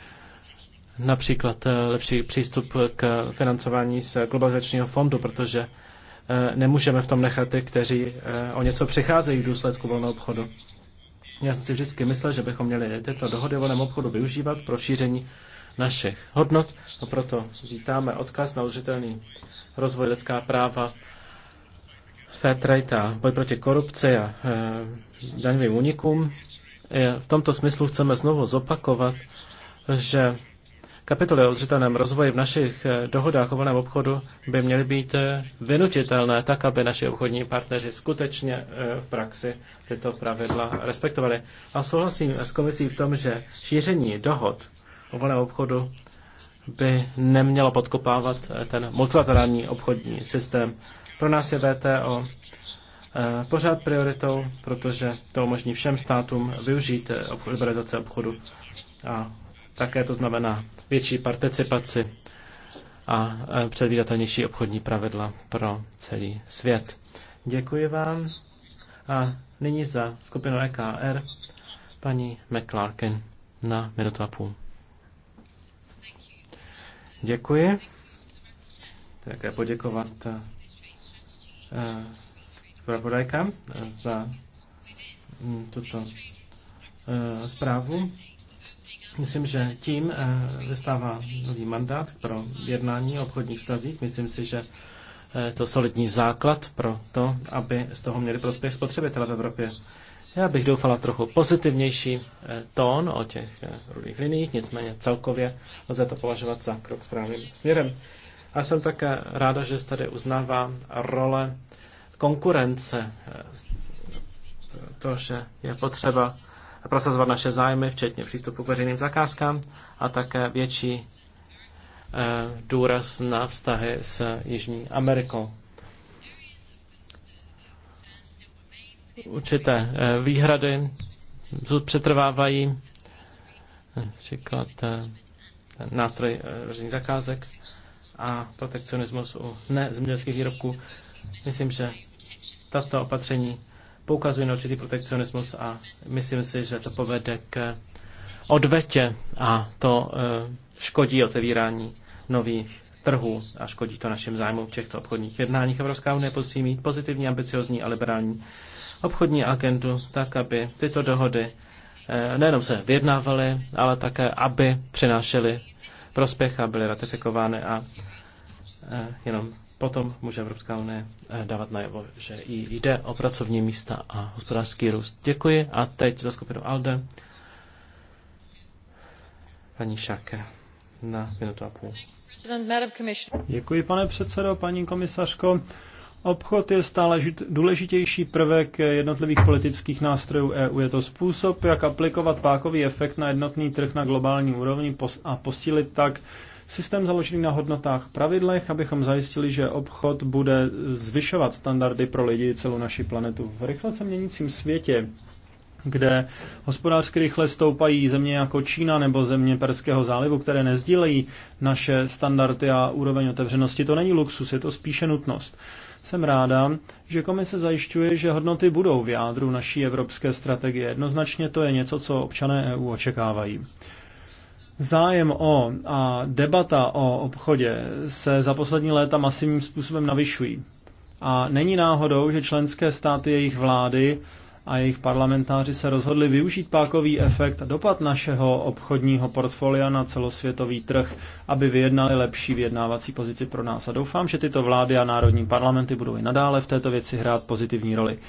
například eh, lepší přístup k financování z globalizačního fondu, protože eh, nemůžeme v tom nechat ty, kteří eh, o něco přicházejí v důsledku volného obchodu. Já jsem si vždycky myslel, že bychom měli tyto dohody o volném obchodu využívat pro šíření našich hodnot a proto vítáme odkaz na udržitelný rozvoj lidská práva, fair trade a boj proti korupci a daňovým unikům. V tomto smyslu chceme znovu zopakovat, že kapitoly o udržitelném rozvoji v našich eh, dohodách o volném obchodu by měly být eh, vynutitelné tak, aby naši obchodní partneři skutečně eh, v praxi tyto pravidla respektovali. A souhlasím s komisí v tom, že šíření dohod o volném obchodu by nemělo podkopávat ten multilaterální obchodní systém. Pro nás je VTO Eh, pořád prioritou, protože to umožní všem státům využít eh, liberalizace obchodu a také to znamená větší participaci a eh, předvídatelnější obchodní pravidla pro celý svět. Děkuji vám a nyní za skupinu EKR paní McClarkin na minutu a půl. Děkuji. Také poděkovat zpravodajka eh, za mm, tuto eh, zprávu. Myslím, že tím eh, vystává nový mandát pro jednání o obchodních vztazích. Myslím si, že je to solidní základ pro to, aby z toho měli prospěch spotřebitele v Evropě. Já bych doufala trochu pozitivnější tón o těch rudých liních, nicméně celkově lze to považovat za krok správným směrem. A jsem také ráda, že se tady uznává role konkurence, to, že je potřeba prosazovat naše zájmy, včetně přístupu k veřejným zakázkám a také větší eh, důraz na vztahy s Jižní Amerikou. Určité eh, výhrady přetrvávají, například eh, nástroj veřejných zakázek a protekcionismus u nezemědělských výrobků. Myslím, že tato opatření poukazují na určitý protekcionismus a myslím si, že to povede k odvetě a to eh, škodí otevírání nových trhů a škodí to našim zájmům v těchto obchodních jednáních. Evropská unie musí mít pozitivní, ambiciozní a liberální obchodní agendu, tak aby tyto dohody eh, nejenom se vyjednávaly, ale také, aby přinášely prospěch a byly ratifikovány a eh, jenom Potom může Evropská unie eh, dávat najevo, že i jde o pracovní místa a hospodářský růst. Děkuji a teď za skupinu ALDE paní Šáke na minutu a půl. Děkuji, pane předsedo, paní komisařko. Obchod je stále důležitější prvek jednotlivých politických nástrojů EU. Je to způsob, jak aplikovat pákový efekt na jednotný trh na globální úrovni a posílit tak Systém založený na hodnotách pravidlech, abychom zajistili, že obchod bude zvyšovat standardy pro lidi celou naši planetu. V rychle se měnícím světě kde hospodářsky rychle stoupají země jako Čína nebo země Perského zálivu, které nezdílejí naše standardy a úroveň otevřenosti. To není luxus, je to spíše nutnost. Jsem ráda, že komise zajišťuje, že hodnoty budou v jádru naší evropské strategie. Jednoznačně to je něco, co občané EU očekávají. Zájem o a debata o obchodě se za poslední léta masivním způsobem navyšují. A není náhodou, že členské státy jejich vlády a jejich parlamentáři se rozhodli využít pákový efekt a dopad našeho obchodního portfolia na celosvětový trh, aby vyjednali lepší vyjednávací pozici pro nás. A doufám, že tyto vlády a národní parlamenty budou i nadále v této věci hrát pozitivní roli.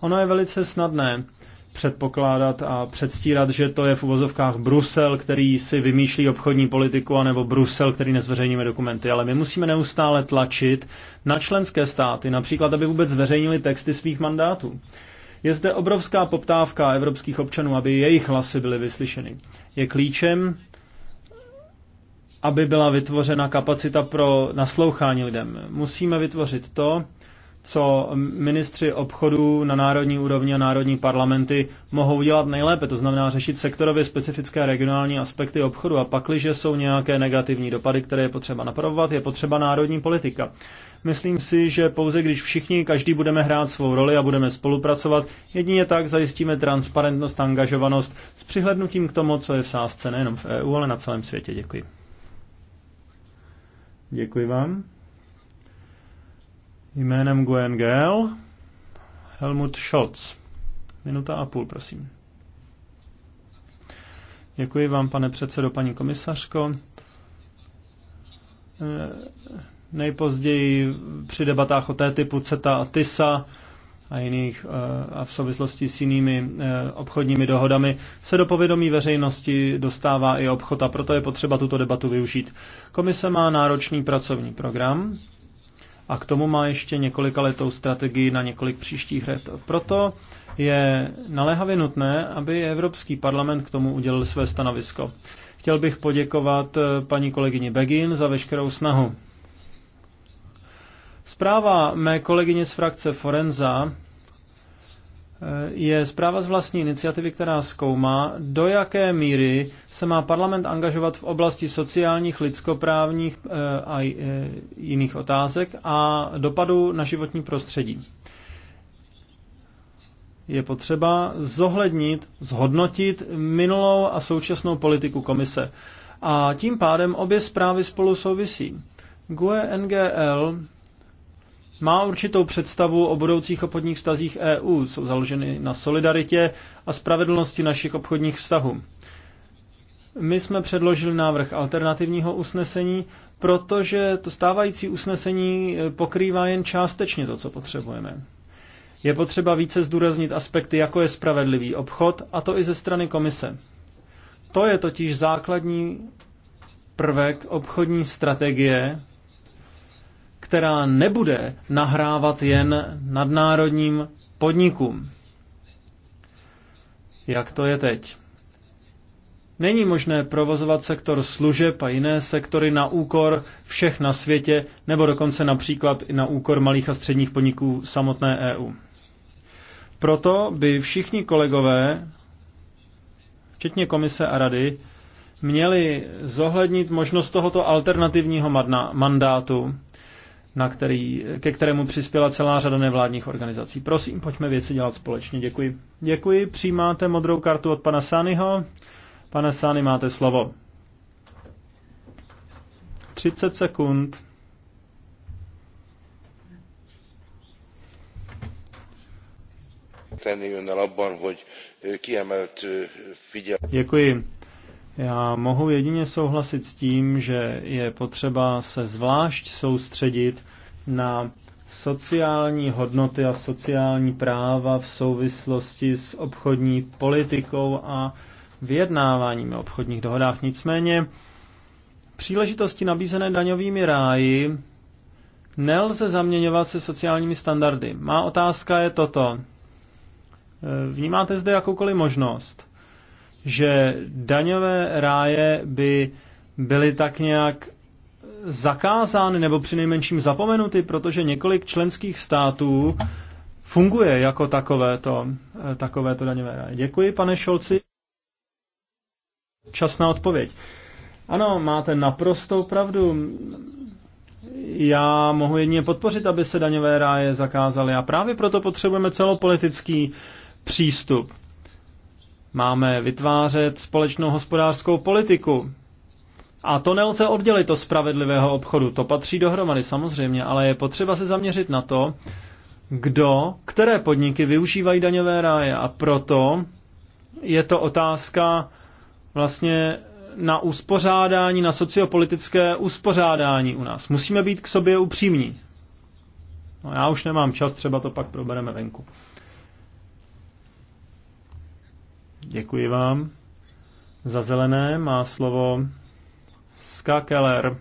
Ono je velice snadné předpokládat a předstírat, že to je v uvozovkách Brusel, který si vymýšlí obchodní politiku, anebo Brusel, který nezveřejníme dokumenty. Ale my musíme neustále tlačit na členské státy, například, aby vůbec zveřejnili texty svých mandátů. Je zde obrovská poptávka evropských občanů, aby jejich hlasy byly vyslyšeny. Je klíčem, aby byla vytvořena kapacita pro naslouchání lidem. Musíme vytvořit to, co ministři obchodu na národní úrovni a národní parlamenty mohou dělat nejlépe, to znamená řešit sektorově specifické regionální aspekty obchodu a pakliže jsou nějaké negativní dopady, které je potřeba napravovat, je potřeba národní politika. Myslím si, že pouze když všichni, každý budeme hrát svou roli a budeme spolupracovat, jedině tak zajistíme transparentnost a angažovanost s přihlednutím k tomu, co je v sázce nejenom v EU, ale na celém světě. Děkuji. Děkuji vám. Jménem Gale, Helmut Scholz. Minuta a půl, prosím. Děkuji vám, pane předsedo, paní komisařko. Eh, nejpozději při debatách o té typu CETA a TISA a jiných eh, a v souvislosti s jinými eh, obchodními dohodami se do povědomí veřejnosti dostává i obchod a proto je potřeba tuto debatu využít. Komise má náročný pracovní program, a k tomu má ještě několika letou strategii na několik příštích let. Proto je naléhavě nutné, aby Evropský parlament k tomu udělal své stanovisko. Chtěl bych poděkovat eh, paní kolegyni Begin za veškerou snahu. Zpráva mé kolegyně z frakce Forenza Eh, je zpráva z vlastní iniciativy, která zkoumá, do jaké míry se má parlament angažovat v oblasti sociálních, lidskoprávních eh, a eh, jiných otázek a dopadu na životní prostředí. Je potřeba zohlednit, zhodnotit minulou a současnou politiku komise. A tím pádem obě zprávy spolu souvisí. GUE NGL má určitou představu o budoucích obchodních vztazích EU, jsou založeny na solidaritě a spravedlnosti našich obchodních vztahů. My jsme předložili návrh alternativního usnesení, protože to stávající usnesení e, pokrývá jen částečně to, co potřebujeme. Je potřeba více zdůraznit aspekty, jako je spravedlivý obchod, a to i ze strany komise. To je totiž základní prvek obchodní strategie která nebude nahrávat jen nadnárodním podnikům. Jak to je teď? Není možné provozovat sektor služeb a jiné sektory na úkor všech na světě, nebo dokonce například i na úkor malých a středních podniků samotné EU. Proto by všichni kolegové, včetně komise a rady, měli zohlednit možnost tohoto alternativního mandátu na který, ke kterému přispěla celá řada nevládních organizací. Prosím, pojďme věci dělat společně. Děkuji. Děkuji. Přijímáte modrou kartu od pana Sányho. Pane Sány, máte slovo. 30 sekund. Tenni abban, hogy kiemelt figyel... Děkuji. Já mohu jedině souhlasit s tím, že je potřeba se zvlášť soustředit na sociální hodnoty a sociální práva v souvislosti s obchodní politikou a vyjednáváním o obchodních dohodách. Nicméně příležitosti nabízené daňovými ráji nelze zaměňovat se sociálními standardy. Má otázka je toto. Vnímáte zde jakoukoliv možnost, že daňové ráje by byly tak nějak zakázány nebo přinejmenším zapomenuty, protože několik členských států funguje jako takovéto, eh, takovéto daňové ráje. Děkuji, pane Šolci. Čas na odpověď. Ano, máte naprostou pravdu. Já mohu jedině podpořit, aby se daňové ráje zakázaly a právě proto potřebujeme celopolitický přístup. Máme vytvářet společnou hospodářskou politiku. A to nelze oddělit od spravedlivého obchodu. To patří dohromady samozřejmě, ale je potřeba se zaměřit na to, kdo, které podniky využívají daňové ráje. A proto je to otázka vlastně na uspořádání, na sociopolitické uspořádání u nás. Musíme být k sobě upřímní. No já už nemám čas, třeba to pak probereme venku. Děkuji vám. Za zelené má slovo Ska Keller.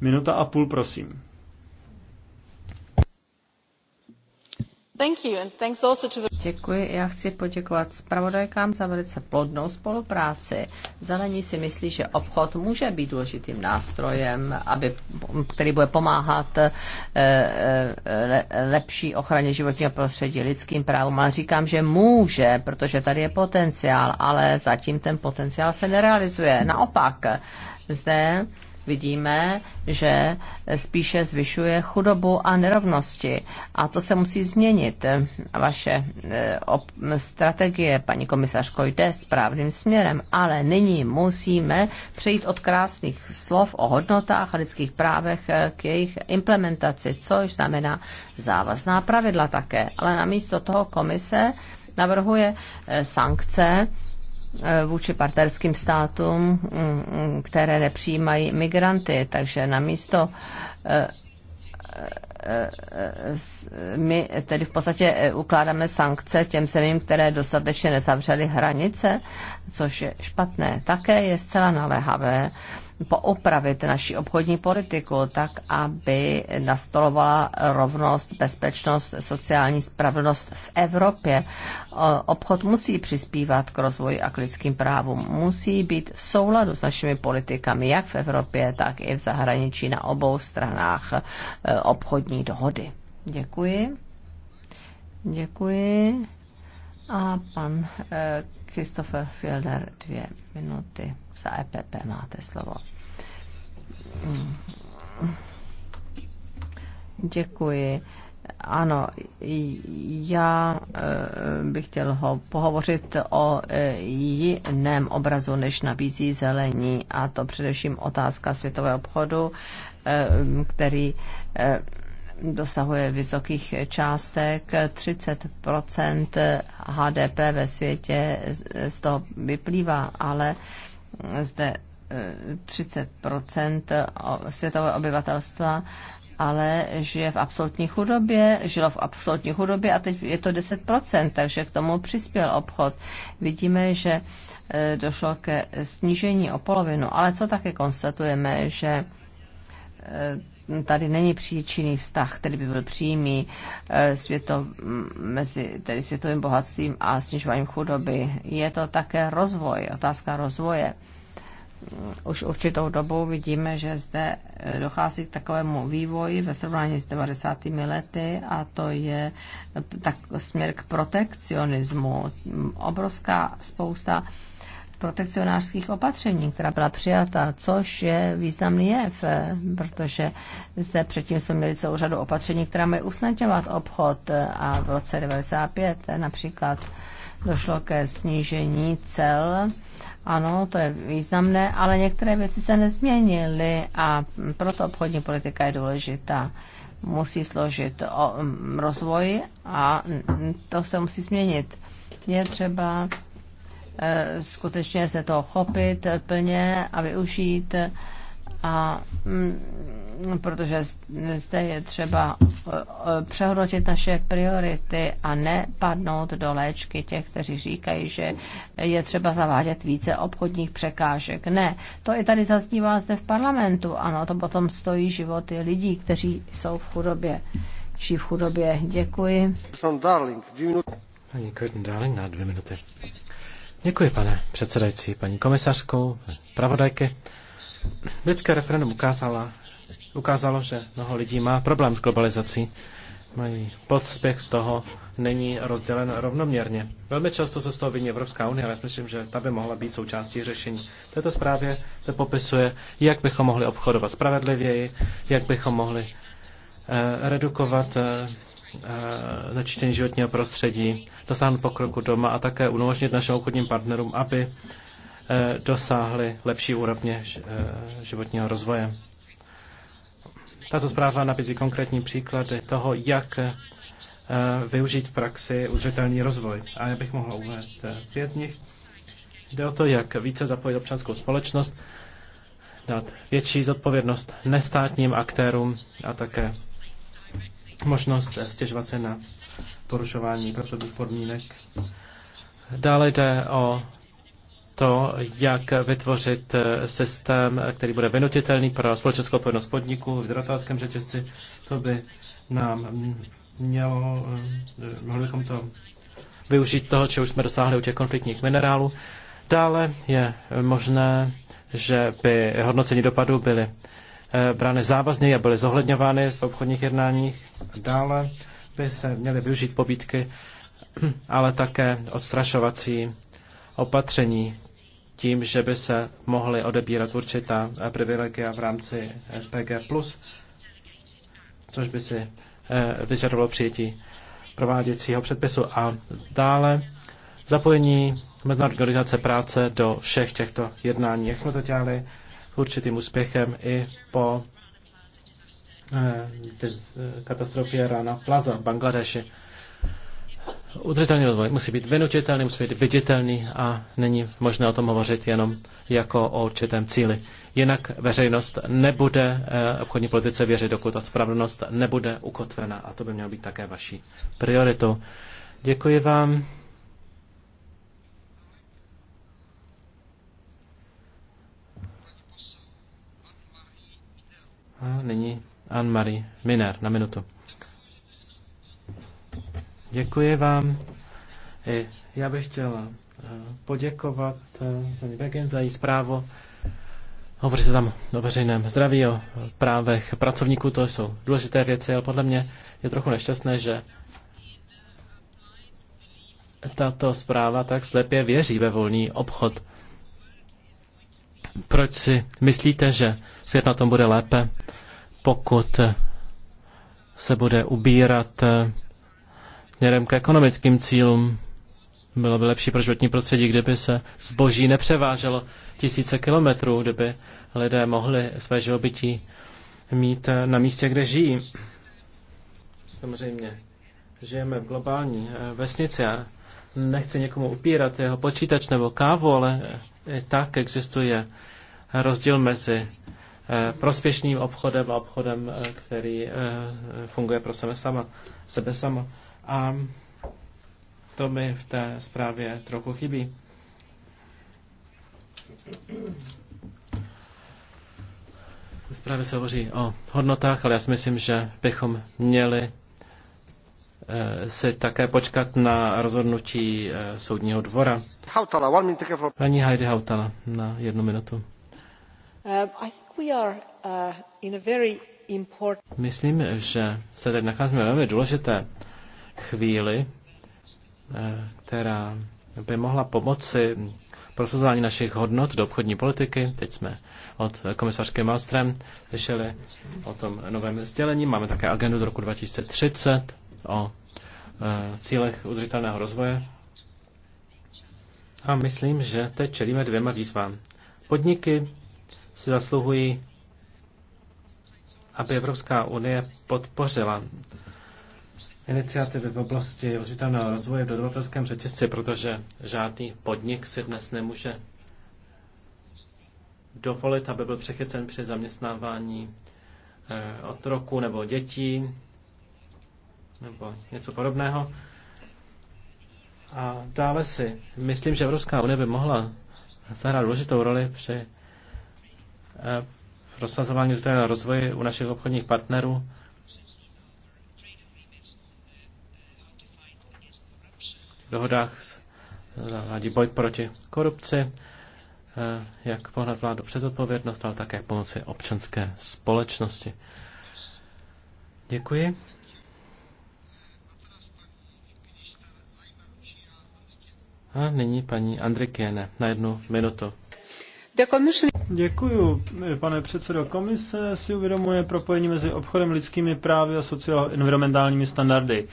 Minuta a půl, prosím. Děkuji. Já chci poděkovat zpravodajkám za velice plodnou spolupráci. Zelení si myslí, že obchod může být důležitým nástrojem, aby, který bude pomáhat eh, eh, lepší ochraně životního prostředí, lidským právům. Ale říkám, že může, protože tady je potenciál, ale zatím ten potenciál se nerealizuje. Naopak, zde vidíme, že spíše zvyšuje chudobu a nerovnosti. A to se musí změnit. Vaše eh, strategie, paní komisařko, jde správným směrem, ale nyní musíme přejít od krásných slov o hodnotách a lidských právech eh, k jejich implementaci, což znamená závazná pravidla také. Ale namísto toho komise navrhuje eh, sankce, Eh, vůči partnerským státům, mm, mm, které nepřijímají migranty. Takže namísto eh, eh, my tedy v podstatě ukládáme sankce těm zemím, které dostatečně nezavřely hranice, což je špatné. Také je zcela naléhavé, poopravit naši obchodní politiku tak, aby nastolovala rovnost, bezpečnost, sociální spravedlnost v Evropě. Obchod musí přispívat k rozvoji a k lidským právům. Musí být v souladu s našimi politikami, jak v Evropě, tak i v zahraničí na obou stranách e, obchodní dohody. Děkuji. Děkuji. A pan eh, Christopher Fielder, dvě minuty. Za EPP máte slovo. Děkuji. Ano, já eh, bych chtěl ho pohovořit o eh, jiném obrazu, než nabízí zelení, a to především otázka světového obchodu, eh, který dosahuje vysokých částek. 30 HDP ve světě z toho vyplývá, ale zde 30 eh, světového obyvatelstva ale žije v absolutní chudobě, žilo v absolutní chudobě a teď je to 10%, takže k tomu přispěl obchod. Vidíme, že eh, došlo ke snížení o polovinu, ale co také konstatujeme, že eh, tady není příčinný vztah, který by byl přímý eh, světo, mezi tedy světovým bohatstvím a snižováním chudoby. Je to také rozvoj, otázka rozvoje. Mm, už určitou dobu vidíme, že zde eh, dochází k takovému vývoji ve srovnání s 90. lety a to je eh, tak směr k protekcionismu. Mm, obrovská spousta protekcionářských opatření, která byla přijata, což je významný jev, eh, protože zde předtím jsme měli celou řadu opatření, která mají usnadňovat obchod eh, a v roce 1995 eh, například došlo ke snížení cel. Ano, to je významné, ale některé věci se nezměnily a proto obchodní politika je důležitá. Musí složit o mm, rozvoj a mm, to se musí změnit. Je třeba Eh, skutečně se toho chopit plně a využít a mm, protože zde je třeba eh, eh, přehodnotit naše priority a nepadnout do léčky těch, kteří říkají, že je třeba zavádět více obchodních překážek. Ne, to i tady zaznívá zde v parlamentu. Ano, to potom stojí životy lidí, kteří jsou v chudobě či v chudobě. Děkuji. Paní Curtin Darling na dvě minuty. Děkuji, pane předsedající, paní komisařkou, pravodajky. Britské referendum ukázala, ukázalo, že mnoho lidí má problém s globalizací. Mají podspěch z toho, není rozdělen rovnoměrně. Velmi často se z toho vyní Evropská unie, ale myslím, že ta by mohla být součástí řešení. V této zprávě to popisuje, jak bychom mohli obchodovat spravedlivěji, jak bychom mohli eh, redukovat eh, znečištění eh, životního prostředí, dosáhnout pokroku doma a také umožnit našim obchodním partnerům, aby eh, dosáhli lepší úrovně eh, životního rozvoje. Tato zpráva nabízí konkrétní příklady toho, jak využít v praxi udržitelný rozvoj. A já bych mohl uvést pět nich. Jde o to, jak více zapojit občanskou společnost, dát větší zodpovědnost nestátním aktérům a také možnost stěžovat se na porušování pracovních podmínek. Dále jde o to, jak vytvořit systém, který bude vynutitelný pro společenskou odpovědnost podniku v dodatelském řetězci. To by nám mělo, mohli bychom to využít toho, čeho už jsme dosáhli u těch konfliktních minerálů. Dále je možné, že by hodnocení dopadů byly Eh, brány závazně a byly zohledňovány v obchodních jednáních. Dále by se měly využít pobídky, ale také odstrašovací opatření tím, že by se mohly odebírat určitá eh, privilegia v rámci SPG+, což by si eh, vyžadovalo přijetí prováděcího předpisu. A dále zapojení Mezinárodní organizace práce do všech těchto jednání. Jak jsme to dělali určitým úspěchem i po eh, eh, katastrofě Rana Plaza v Bangladeši. Udržitelný rozvoj musí být vynučitelný, musí být viditelný a není možné o tom hovořit jenom jako o určitém cíli. Jinak veřejnost nebude eh, obchodní politice věřit, dokud ta spravedlnost nebude ukotvena a to by mělo být také vaší prioritou. Děkuji vám. A nyní Anne-Marie Miner na minutu. Děkuji vám. Já bych chtěla eh, poděkovat eh, paní Begin za její zprávu. Hovoří se tam o veřejném zdraví, o právech pracovníků, to jsou důležité věci, ale podle mě je trochu nešťastné, že tato zpráva tak slepě věří ve volný obchod. Proč si myslíte, že Svět na tom bude lépe, pokud se bude ubírat měrem k ekonomickým cílům. Bylo by lepší pro životní prostředí, kdyby se zboží nepřeváželo tisíce kilometrů, kdyby lidé mohli své živobytí mít na místě, kde žijí. Samozřejmě, žijeme v globální eh, vesnici a nechci někomu upírat jeho počítač nebo kávu, ale i tak existuje rozdíl mezi Eh, prospěšným obchodem a obchodem, eh, který eh, funguje pro sebe sama. Sebe sama. A to mi v té zprávě trochu chybí. Zprávě se hovoří o hodnotách, ale já si myslím, že bychom měli si také počkat na rozhodnutí soudního dvora. Hautala, one minute. Paní Heidi Hautala na jednu minutu. Uh, I Uh, myslím, že se teď nacházíme velmi důležité chvíli, uh, která by mohla pomoci prosazování našich hodnot do obchodní politiky. Teď jsme od komisařky Malstrem slyšeli o tom novém sdělení. Máme také agendu do roku 2030 o uh, cílech udržitelného rozvoje. A myslím, že teď čelíme dvěma výzvám. Podniky si zasluhují, aby Evropská unie podpořila iniciativy v oblasti užitelného rozvoje v dodavatelském řetězci, protože žádný podnik si dnes nemůže dovolit, aby byl přechycen při zaměstnávání eh, otroků nebo dětí nebo něco podobného. A dále si myslím, že Evropská unie by mohla zahrát důležitou roli při Eh, rozsazování zdrojeného rozvoje u našich obchodních partnerů. V dohodách zavádí boj proti korupci, eh, jak pohnat vládu přes odpovědnost, ale také pomoci občanské společnosti. Děkuji. A nyní paní Andrikiene na jednu minutu. The commission... Děkuji, pane předsedo. Komise si uvědomuje propojení mezi obchodem lidskými právy a socioenvironmentálními standardy.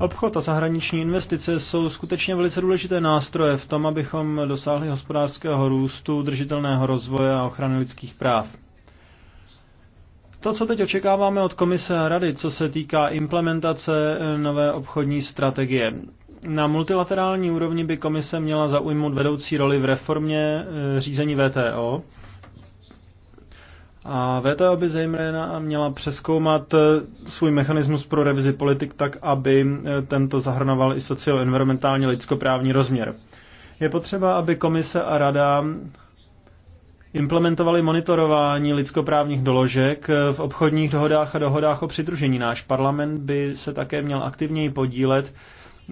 Obchod a zahraniční investice jsou skutečně velice důležité nástroje v tom, abychom dosáhli hospodářského růstu, držitelného rozvoje a ochrany lidských práv. To, co teď očekáváme od komise a rady, co se týká implementace nové obchodní strategie. Na multilaterální úrovni by komise měla zaujmout vedoucí roli v reformě eh, řízení VTO. A VTO by zejména měla přeskoumat eh, svůj mechanismus pro revizi politik tak, aby eh, tento zahrnoval i socioenvironmentálně lidskoprávní rozměr. Je potřeba, aby komise a rada implementovali monitorování lidskoprávních doložek v obchodních dohodách a dohodách o přidružení. Náš parlament by se také měl aktivněji podílet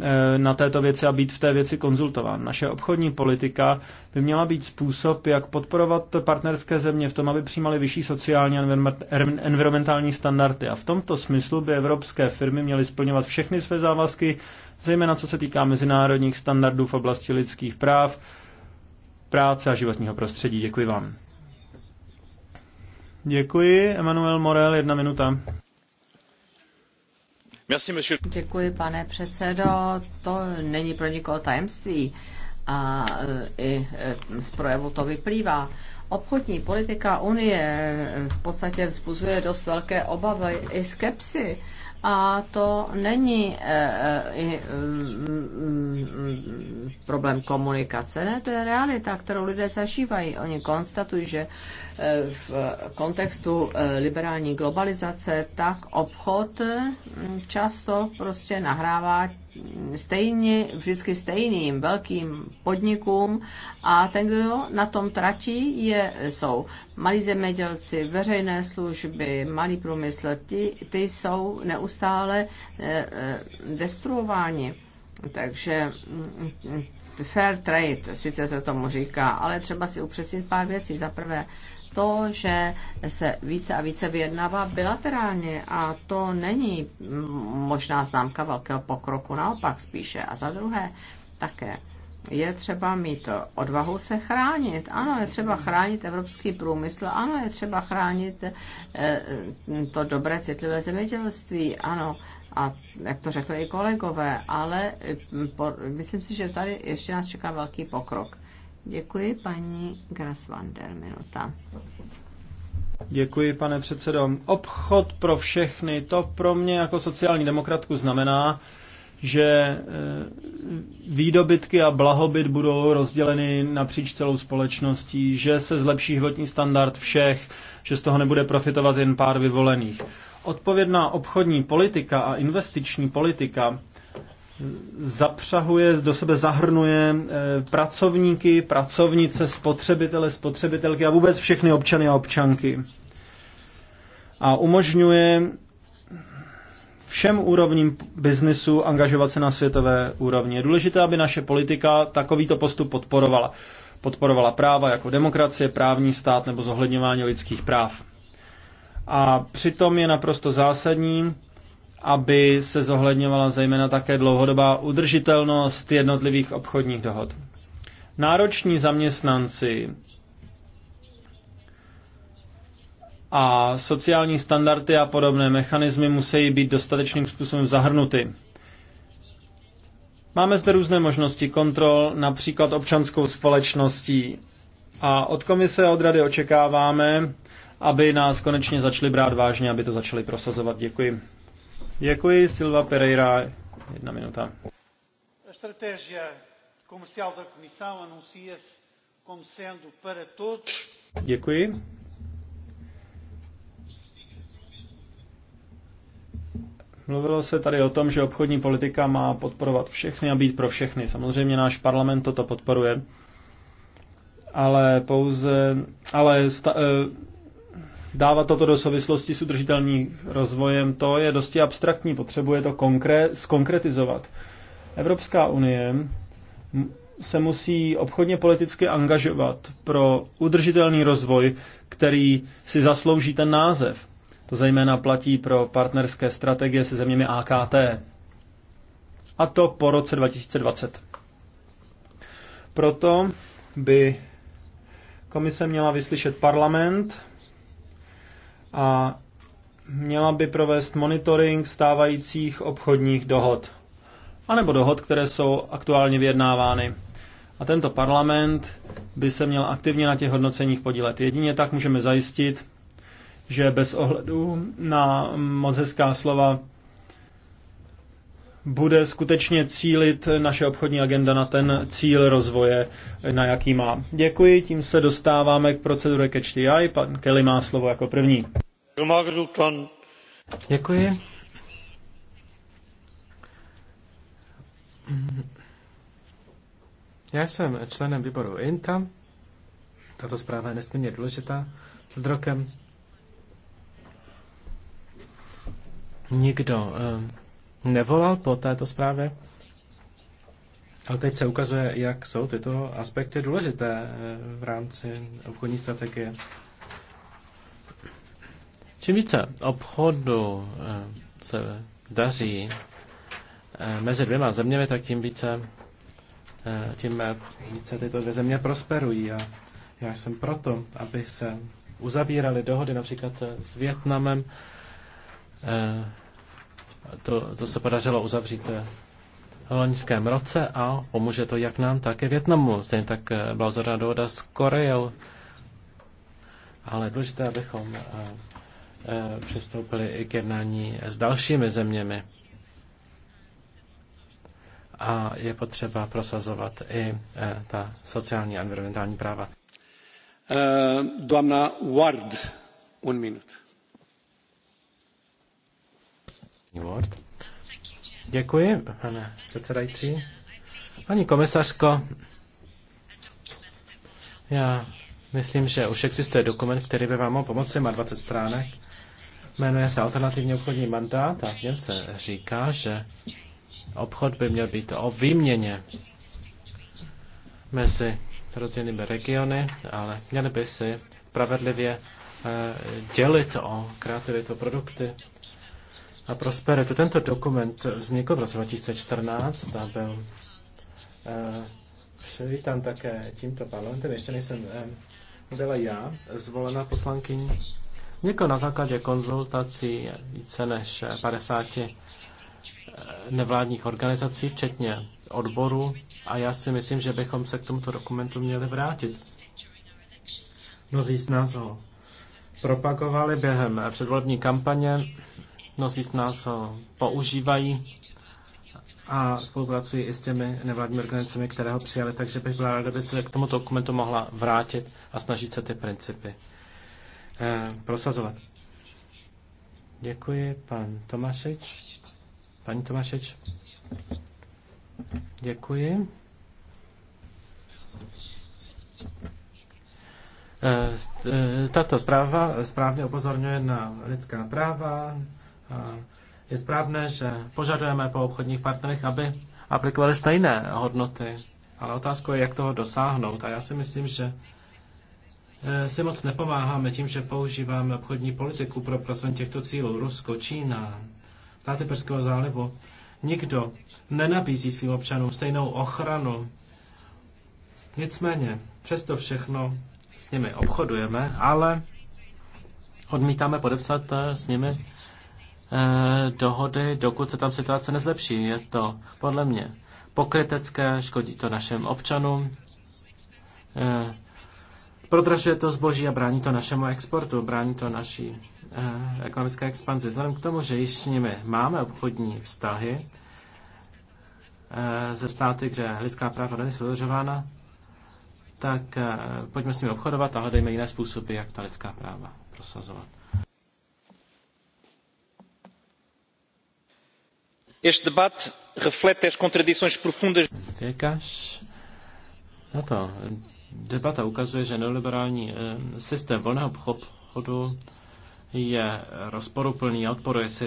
Eh, na této věci a být v té věci konzultován. Naše obchodní politika by měla být způsob, jak podporovat partnerské země v tom, aby přijímali vyšší sociální a environmentální standardy. A v tomto smyslu by evropské firmy měly splňovat všechny své závazky, zejména co se týká mezinárodních standardů v oblasti lidských práv, práce a životního prostředí. Děkuji vám. Děkuji. Emanuel Morel, jedna minuta. Děkuji, pane předsedo. To není pro nikoho tajemství a i e, e, z projevu to vyplývá. Obchodní politika Unie v podstatě vzbuzuje dost velké obavy i skepsy a to není eh, eh, mm, mm, problém komunikace, ne, to je realita, kterou lidé zažívají. Oni konstatují, že eh, v kontextu liberální globalizace tak obchod mm, často prostě nahrává stejně, vždycky stejným velkým podnikům a ten, kdo na tom tratí, je, jsou malí zemědělci, veřejné služby, malý průmysl, ty, ty jsou neustále eh, eh, destruováni. Takže mm, mm, fair trade, sice se tomu říká, ale třeba si upřesnit pár věcí. Za prvé, to, že se více a více vyjednává bilaterálně a to není možná známka velkého pokroku, naopak spíše. A za druhé také je třeba mít odvahu se chránit. Ano, je třeba chránit evropský průmysl, ano, je třeba chránit eh, to dobré citlivé zemědělství, ano, a jak to řekli i kolegové, ale eh, myslím si, že tady ještě nás čeká velký pokrok. Děkuji, paní Grasvander, minuta. Děkuji, pane předsedo. Obchod pro všechny, to pro mě jako sociální demokratku znamená, že eh, výdobytky a blahobyt budou rozděleny napříč celou společností, že se zlepší životní standard všech, že z toho nebude profitovat jen pár vyvolených. Odpovědná obchodní politika a investiční politika zapřahuje, do sebe zahrnuje eh, pracovníky, pracovnice, spotřebitele, spotřebitelky a vůbec všechny občany a občanky. A umožňuje všem úrovním biznisu angažovat se na světové úrovni. Je důležité, aby naše politika takovýto postup podporovala. Podporovala práva jako demokracie, právní stát nebo zohledňování lidských práv. A přitom je naprosto zásadní, aby se zohledňovala zejména také dlouhodobá udržitelnost jednotlivých obchodních dohod. Nároční zaměstnanci a sociální standardy a podobné mechanismy musí být dostatečným způsobem zahrnuty. Máme zde různé možnosti kontrol, například občanskou společností. A od komise a od rady očekáváme, aby nás konečně začali brát vážně, aby to začali prosazovat. Děkuji. Děkuji, Silva Pereira. Jedna minuta. Děkuji. Mluvilo se tady o tom, že obchodní politika má podporovat všechny a být pro všechny. Samozřejmě náš parlament toto podporuje, ale pouze, ale sta, eh, Dávat toto do souvislosti s udržitelným rozvojem, to je dosti abstraktní, potřebuje to konkré- skonkretizovat. Evropská unie se musí obchodně politicky angažovat pro udržitelný rozvoj, který si zaslouží ten název. To zejména platí pro partnerské strategie se zeměmi AKT. A to po roce 2020. Proto by komise měla vyslyšet parlament, a měla by provést monitoring stávajících obchodních dohod, anebo dohod, které jsou aktuálně vyjednávány. A tento parlament by se měl aktivně na těch hodnoceních podílet. Jedině tak můžeme zajistit, že bez ohledu na moc hezká slova bude skutečně cílit naše obchodní agenda na ten cíl rozvoje, na jaký má. Děkuji, tím se dostáváme k proceduře Catch the Eye. Pan Kelly má slovo jako první. Já jsem členem výboru INTA. Tato zpráva je nesmírně důležitá. S rokem nikdo eh, nevolal po této zprávě, ale teď se ukazuje, jak jsou tyto aspekty důležité eh, v rámci obchodní strategie. Čím více obchodu eh, se daří eh, mezi dvěma zeměmi, tak tím více, eh, tím více tyto dvě země prosperují. A já jsem proto, aby se uzavíraly dohody například s Větnamem. To, to se podařilo uzavřít v loňském roce a pomůže to jak nám, tak i Větnamu. Stejně tak byla uzavřena dohoda s Koreou. Ale je důležité, abychom Eh, přistoupili i k jednání s dalšími zeměmi. A je potřeba prosazovat i eh, ta sociální a environmentální práva. Eh, doamna Ward, un minut. Ward. Děkuji, pane předsedající. Paní komisařko, já myslím, že už existuje dokument, který by vám mohl pomoci, má 20 stránek Jmenuje se alternativní obchodní mandát a v něm se říká, že obchod by měl být o výměně mezi rozdělenými regiony, ale měli by si spravedlivě eh, dělit o kreativitu produkty a prosperitu. Tento dokument vznikl v roce 2014 a byl eh, přivítán také tímto parlamentem. Ještě nejsem eh, byla já zvolená poslankyní Někdo na základě konzultací více než 50 eh, nevládních organizací, včetně odboru, a já si myslím, že bychom se k tomuto dokumentu měli vrátit. Mnozí z nás ho propagovali během předvolební kampaně, mnozí z nás ho používají a spolupracují i s těmi nevládními organizacemi, které ho přijali, takže bych byla ráda, aby se k tomu dokumentu mohla vrátit a snažit se ty principy Eh, prosazovat. Děkuji, pan Tomášeč. Paní Tomášeč. Děkuji. Eh, tato zpráva správně upozorňuje na lidská práva. je správné, že požadujeme po obchodních partnerech, aby aplikovali stejné hodnoty. Ale otázka je, jak toho dosáhnout. A já si myslím, že Eh, si moc nepomáháme tím, že používáme obchodní politiku pro prosazení těchto cílů. Rusko, Čína, státy Perského zálivu. Nikdo nenabízí svým občanům stejnou ochranu. Nicméně, přesto všechno s nimi obchodujeme, ale odmítáme podepsat eh, s nimi eh, dohody, dokud se tam situace nezlepší. Je to podle mě pokrytecké, škodí to našim občanům prodražuje to zboží a brání to našemu exportu, brání to naší eh, ekonomické expanzi. Vzhledem k tomu, že již s nimi máme obchodní vztahy eh, ze státy, kde lidská práva není dodržována, tak eh, pojďme s nimi obchodovat a hledejme jiné způsoby, jak ta lidská práva prosazovat. Este debate reflete as contradições profundas. Tato debata ukazuje, že neoliberální eh, systém volného obchodu je rozporuplný a odporuje si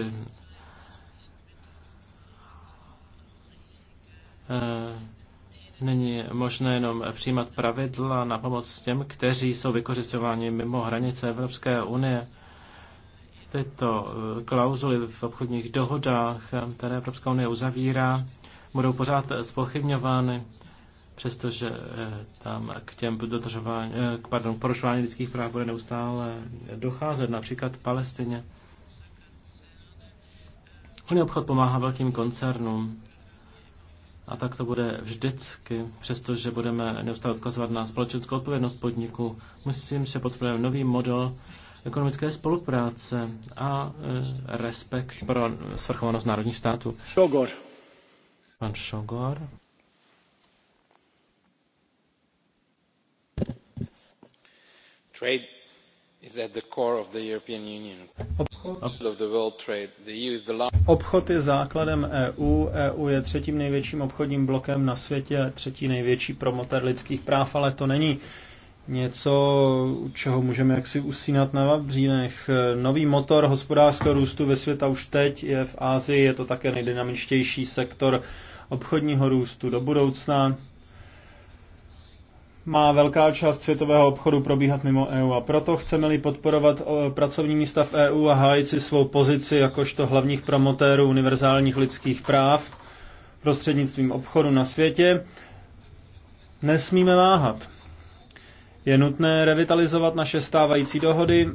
eh, Není možné jenom přijímat pravidla na pomoc těm, kteří jsou vykořišťováni mimo hranice Evropské unie. Tyto eh, klauzuly v obchodních dohodách, které Evropská unie uzavírá, budou pořád spochybňovány přestože eh, tam k těm dodržování, eh, k, pardon, porušování lidských práv bude neustále docházet, například v Palestině. Oni obchod pomáhá velkým koncernům a tak to bude vždycky, přestože budeme neustále odkazovat na společenskou odpovědnost podniku. Musím se podporovat nový model ekonomické spolupráce a eh, respekt pro svrchovanost národních států. Šogor. Pan Šogor. trade is at the core of the European Union. Obchod je základem EU, EU je třetím největším obchodním blokem na světě, třetí největší promotor lidských práv, ale to není něco, u čeho můžeme jaksi usínat na vabřínech. Nový motor hospodářského růstu ve světa už teď je v Ázii, je to také nejdynamičtější sektor obchodního růstu do budoucna má velká část světového obchodu probíhat mimo EU a proto chceme-li podporovat eh, pracovní místa v EU a hájit si svou pozici jakožto hlavních promotérů univerzálních lidských práv prostřednictvím obchodu na světě, nesmíme váhat. Je nutné revitalizovat naše stávající dohody,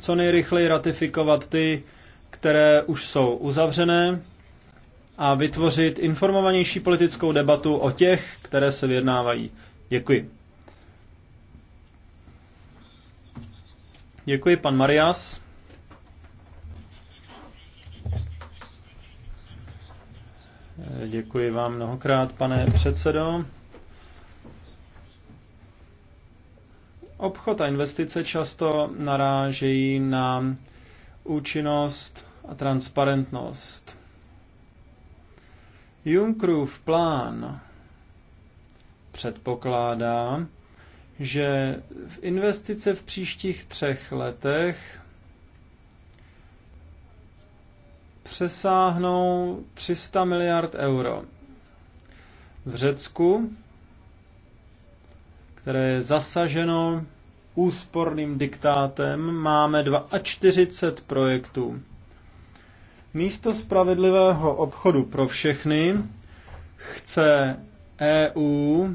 co nejrychleji ratifikovat ty, které už jsou uzavřené, a vytvořit informovanější politickou debatu o těch, které se vyjednávají. Děkuji. Děkuji, pan Marias. Děkuji vám mnohokrát, pane předsedo. Obchod a investice často narážejí na účinnost a transparentnost. Junkrův plán předpokládá, že v investice v příštích třech letech přesáhnou 300 miliard euro. V Řecku, které je zasaženo úsporným diktátem, máme 42 projektů. Místo spravedlivého obchodu pro všechny chce EU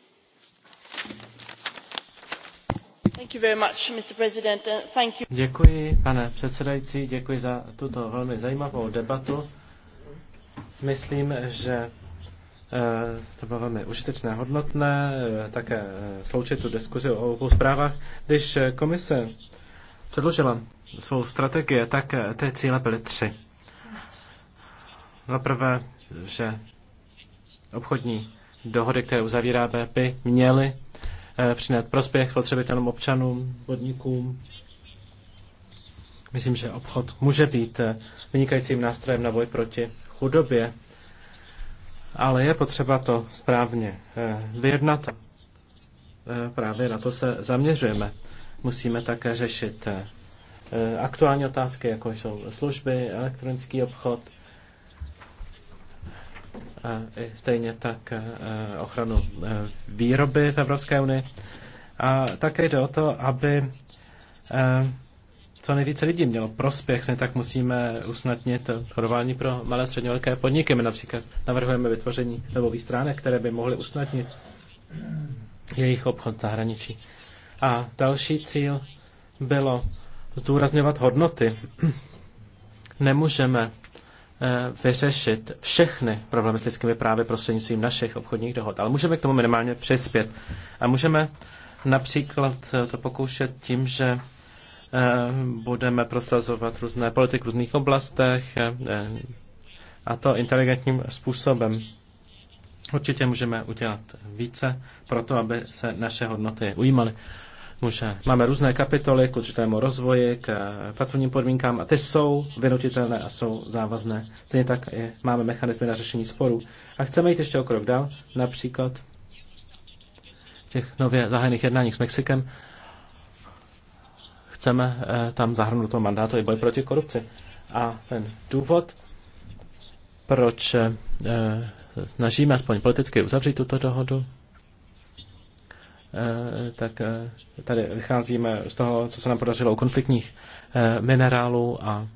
Děkuji, pane předsedající, děkuji za tuto velmi zajímavou debatu. Myslím, že eh, to bylo velmi užitečné, hodnotné, eh, také eh, sloučit tu diskuzi o obou zprávách. Když komise předložila svou strategii, tak ty cíle byly tři. Za prvé, že obchodní dohody, které uzavíráme, by měly Eh, přinést prospěch potřebitelům občanům, podnikům. Myslím, že obchod může být eh, vynikajícím nástrojem na boj proti chudobě, ale je potřeba to správně eh, vyjednat. Právě na to se zaměřujeme. Musíme také řešit aktuální otázky, jako jsou služby, elektronický obchod, stejně tak e, ochranu e, výroby v Evropské unii. A také jde o to, aby e, co nejvíce lidí mělo prospěch, se tak musíme usnadnit chodování pro malé středně velké podniky. My například navrhujeme vytvoření webových stránek, které by mohly usnadnit jejich obchod zahraničí. A další cíl bylo zdůrazňovat hodnoty. Nemůžeme Eh, vyřešit všechny problémy s lidskými právy prostřednictvím našich obchodních dohod, ale můžeme k tomu minimálně přispět. A můžeme například eh, to pokoušet tím, že eh, budeme prosazovat různé politiky v různých oblastech a to inteligentním způsobem. Určitě můžeme udělat více pro to, aby se naše hodnoty ujímaly. Může. Eh, máme různé kapitoly k určitému rozvoji, k eh, pracovním podmínkám a ty jsou vynutitelné a jsou závazné. Stejně tak je, máme mechanizmy na řešení sporů. A chceme jít ještě o krok dál, například v těch nově zahájených jednáních s Mexikem. Chceme eh, tam zahrnout to mandátu i boj proti korupci. A ten důvod, proč eh, eh snažíme aspoň politicky uzavřít tuto dohodu, Eh, tak eh, tady vycházíme z toho, co se nám podařilo u konfliktních eh, minerálů a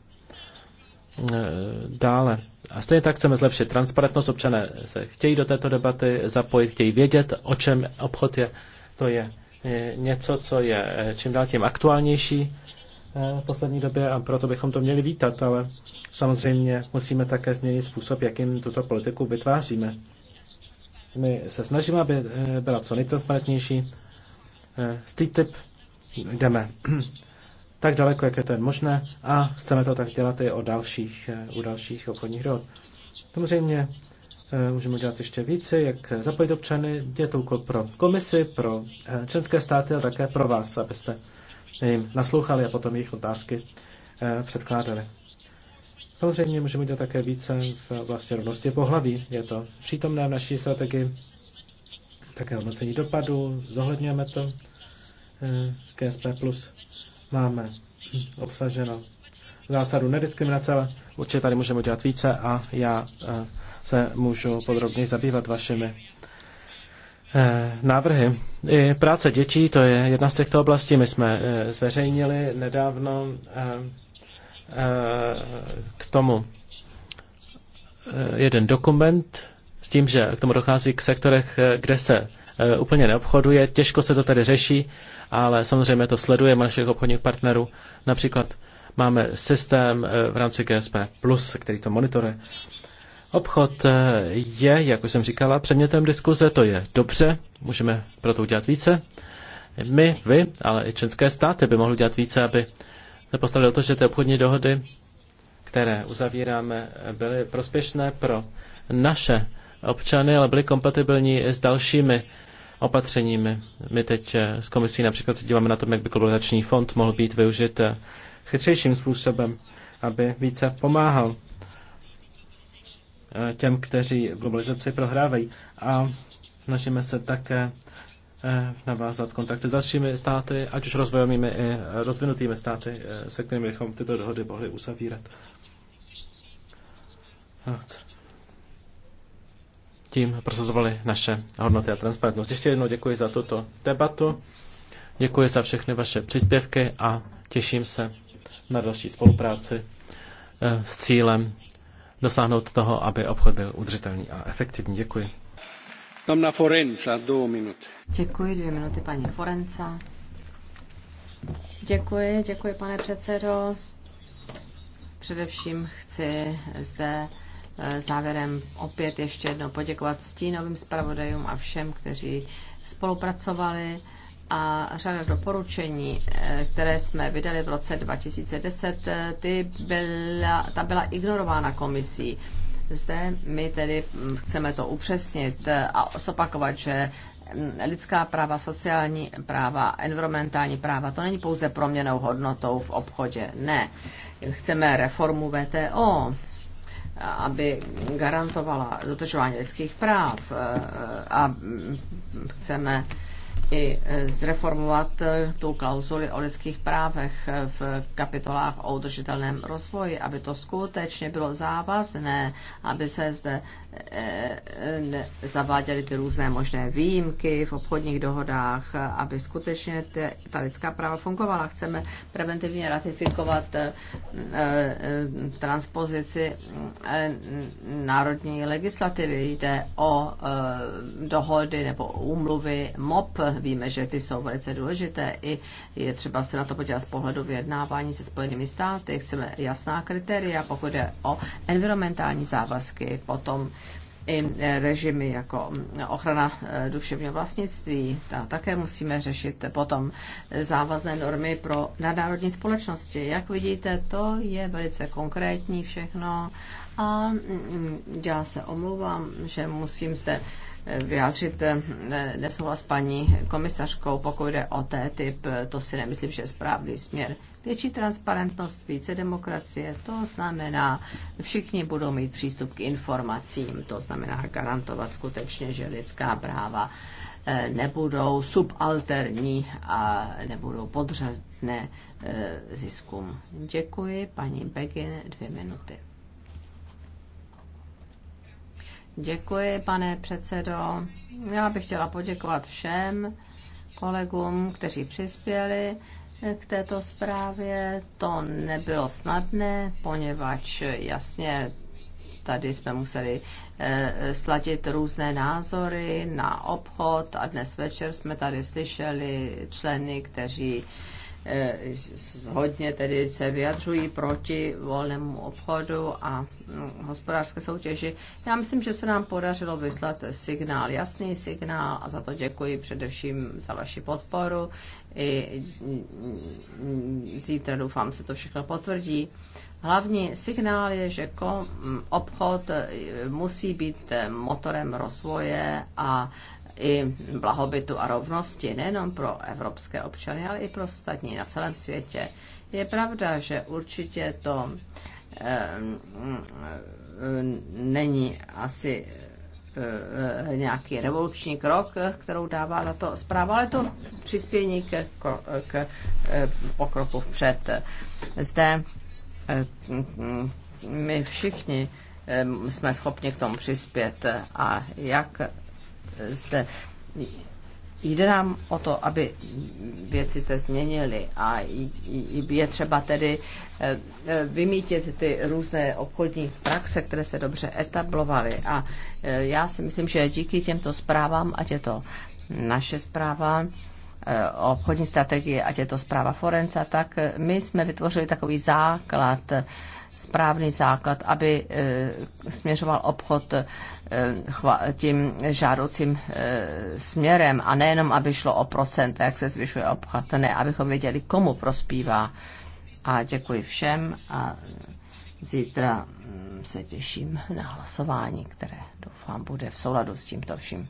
dále. A stejně tak chceme zlepšit transparentnost. Občané se chtějí do této debaty zapojit, chtějí vědět, o čem obchod je. To je něco, co je čím dál tím aktuálnější v poslední době a proto bychom to měli vítat, ale samozřejmě musíme také změnit způsob, jakým tuto politiku vytváříme. My se snažíme, aby eh, byla co nejtransparentnější. Eh, S TTIP jdeme tak daleko, jak je to jen možné a chceme to tak dělat i o dalších, eh, u dalších obchodních dohod. Samozřejmě můžeme dělat ještě více, jak zapojit občany. Je to úkol pro komisi, pro členské státy a také pro vás, abyste jim naslouchali a potom jejich otázky předkládali. Samozřejmě můžeme dělat také více v oblasti rovnosti pohlaví. Je to přítomné v naší strategii. Také hodnocení dopadu, zohledňujeme to. Eh, KSP plus máme obsaženo zásadu nediskriminace, ale určitě tady můžeme dělat více a já eh, se můžu podrobně zabývat vašimi eh, návrhy. I práce dětí, to je jedna z těchto oblastí. My jsme zveřejnili nedávno Eh, k tomu eh, jeden dokument s tím, že k tomu dochází k sektorech, eh, kde se úplně neobchoduje. Těžko se to tady řeší, ale samozřejmě to sledujeme našich obchodních partnerů. Například máme systém v rámci GSP+, který to monitoruje. Obchod je, jak už jsem říkala, předmětem diskuze, to je dobře, můžeme proto udělat více. My, vy, ale i členské státy by mohly udělat více, aby se postavili o to, že ty obchodní dohody, které uzavíráme, byly prospěšné pro naše občany, ale byly kompatibilní s dalšími opatřeními. My teď eh, s komisí například se díváme na tom, jak by globalizační fond mohl být využit eh, chytřejším způsobem, aby více pomáhal eh, těm, kteří globalizaci prohrávají. A snažíme se také Eh, navázat kontakty s dalšími státy, ať už rozvojovými i eh, rozvinutými státy, eh, se kterými bychom tyto dohody mohli uzavírat. Tím prosazovali naše hodnoty a transparentnost. Ještě jednou děkuji za tuto debatu, děkuji za všechny vaše příspěvky a těším se na další spolupráci s cílem dosáhnout toho, aby obchod byl udržitelný a efektivní. Děkuji. Domna Forenza, dvě minuty. Děkuji, dvě minuty paní Forenza. Děkuji, děkuji pane předsedo. Především chci zde eh, závěrem opět ještě jednou poděkovat stínovým zpravodajům a všem, kteří spolupracovali a řada doporučení, eh, které jsme vydali v roce 2010, eh, ty byla, ta byla ignorována komisí zde my tedy hm, chceme to upřesnit a zopakovat, že hm, lidská práva, sociální práva, environmentální práva, to není pouze proměnou hodnotou v obchodě. Ne. Chceme reformu VTO, aby garantovala dodržování lidských práv eh, a hm, chceme i eh, zreformovat eh, tu klauzuli o lidských právech eh, v kapitolách o udržitelném rozvoji, aby to skutečně bylo závazné, aby se zde Eh, zaváděly ty různé možné výjimky v obchodních dohodách, aby skutečně ta lidská práva fungovala. Chceme preventivně ratifikovat eh, eh, transpozici národní legislativy. Jde o dohody nebo úmluvy MOP. Víme, že ty jsou velice důležité i je třeba se na to podívat z pohledu vyjednávání se Spojenými státy. Chceme jasná kritéria, pokud je o environmentální závazky, potom i e, režimy jako ochrana e, duševního vlastnictví. Ta také musíme řešit potom závazné normy pro nadnárodní společnosti. Jak vidíte, to je velice konkrétní všechno a já se omlouvám, že musím zde e, vyjádřit nesouhlas paní komisařkou, pokud jde o té typ, to si nemyslím, že je správný směr. Větší transparentnost, více demokracie, to znamená, všichni budou mít přístup k informacím, to znamená garantovat skutečně, že lidská práva eh, nebudou subalterní a nebudou podřadné eh, ziskům. Děkuji, paní Begin, dvě minuty. Děkuji, pane předsedo. Já bych chtěla poděkovat všem kolegům, kteří přispěli k této zprávě. To nebylo snadné, poněvadž jasně tady jsme museli eh, sladit různé názory na obchod a dnes večer jsme tady slyšeli členy, kteří eh, hodně tedy se vyjadřují proti volnému obchodu a hm, hospodářské soutěži. Já myslím, že se nám podařilo vyslat signál, jasný signál a za to děkuji především za vaši podporu i mm, zítra doufám se to všechno potvrdí. Hlavní signál je, že obchod eh, musí být eh, motorem rozvoje a i blahobytu a rovnosti nejenom pro evropské občany, ale i pro ostatní na celém světě. Je pravda, že určitě to eh, mm, není asi Eh, eh, nějaký revoluční krok, eh, kterou dává na to zpráva, ale to přispění k, k pokroku vpřed. Zde mm, my všichni jsme schopni k tomu přispět a jak zde Jde nám o to, aby věci se změnily a je třeba tedy eh, eh, vymítit ty různé obchodní praxe, které se dobře etablovaly. A eh, já si myslím, že díky těmto zprávám, ať je to naše zpráva, o obchodní strategii, ať je to zpráva Forenca, tak my jsme vytvořili takový základ správný základ, aby eh, směřoval obchod eh, tím žádoucím eh, směrem a nejenom, aby šlo o procenta, jak se zvyšuje obchod, ne, abychom věděli, komu prospívá. A děkuji všem a zítra hm, se těším na hlasování, které doufám bude v souladu s tímto vším.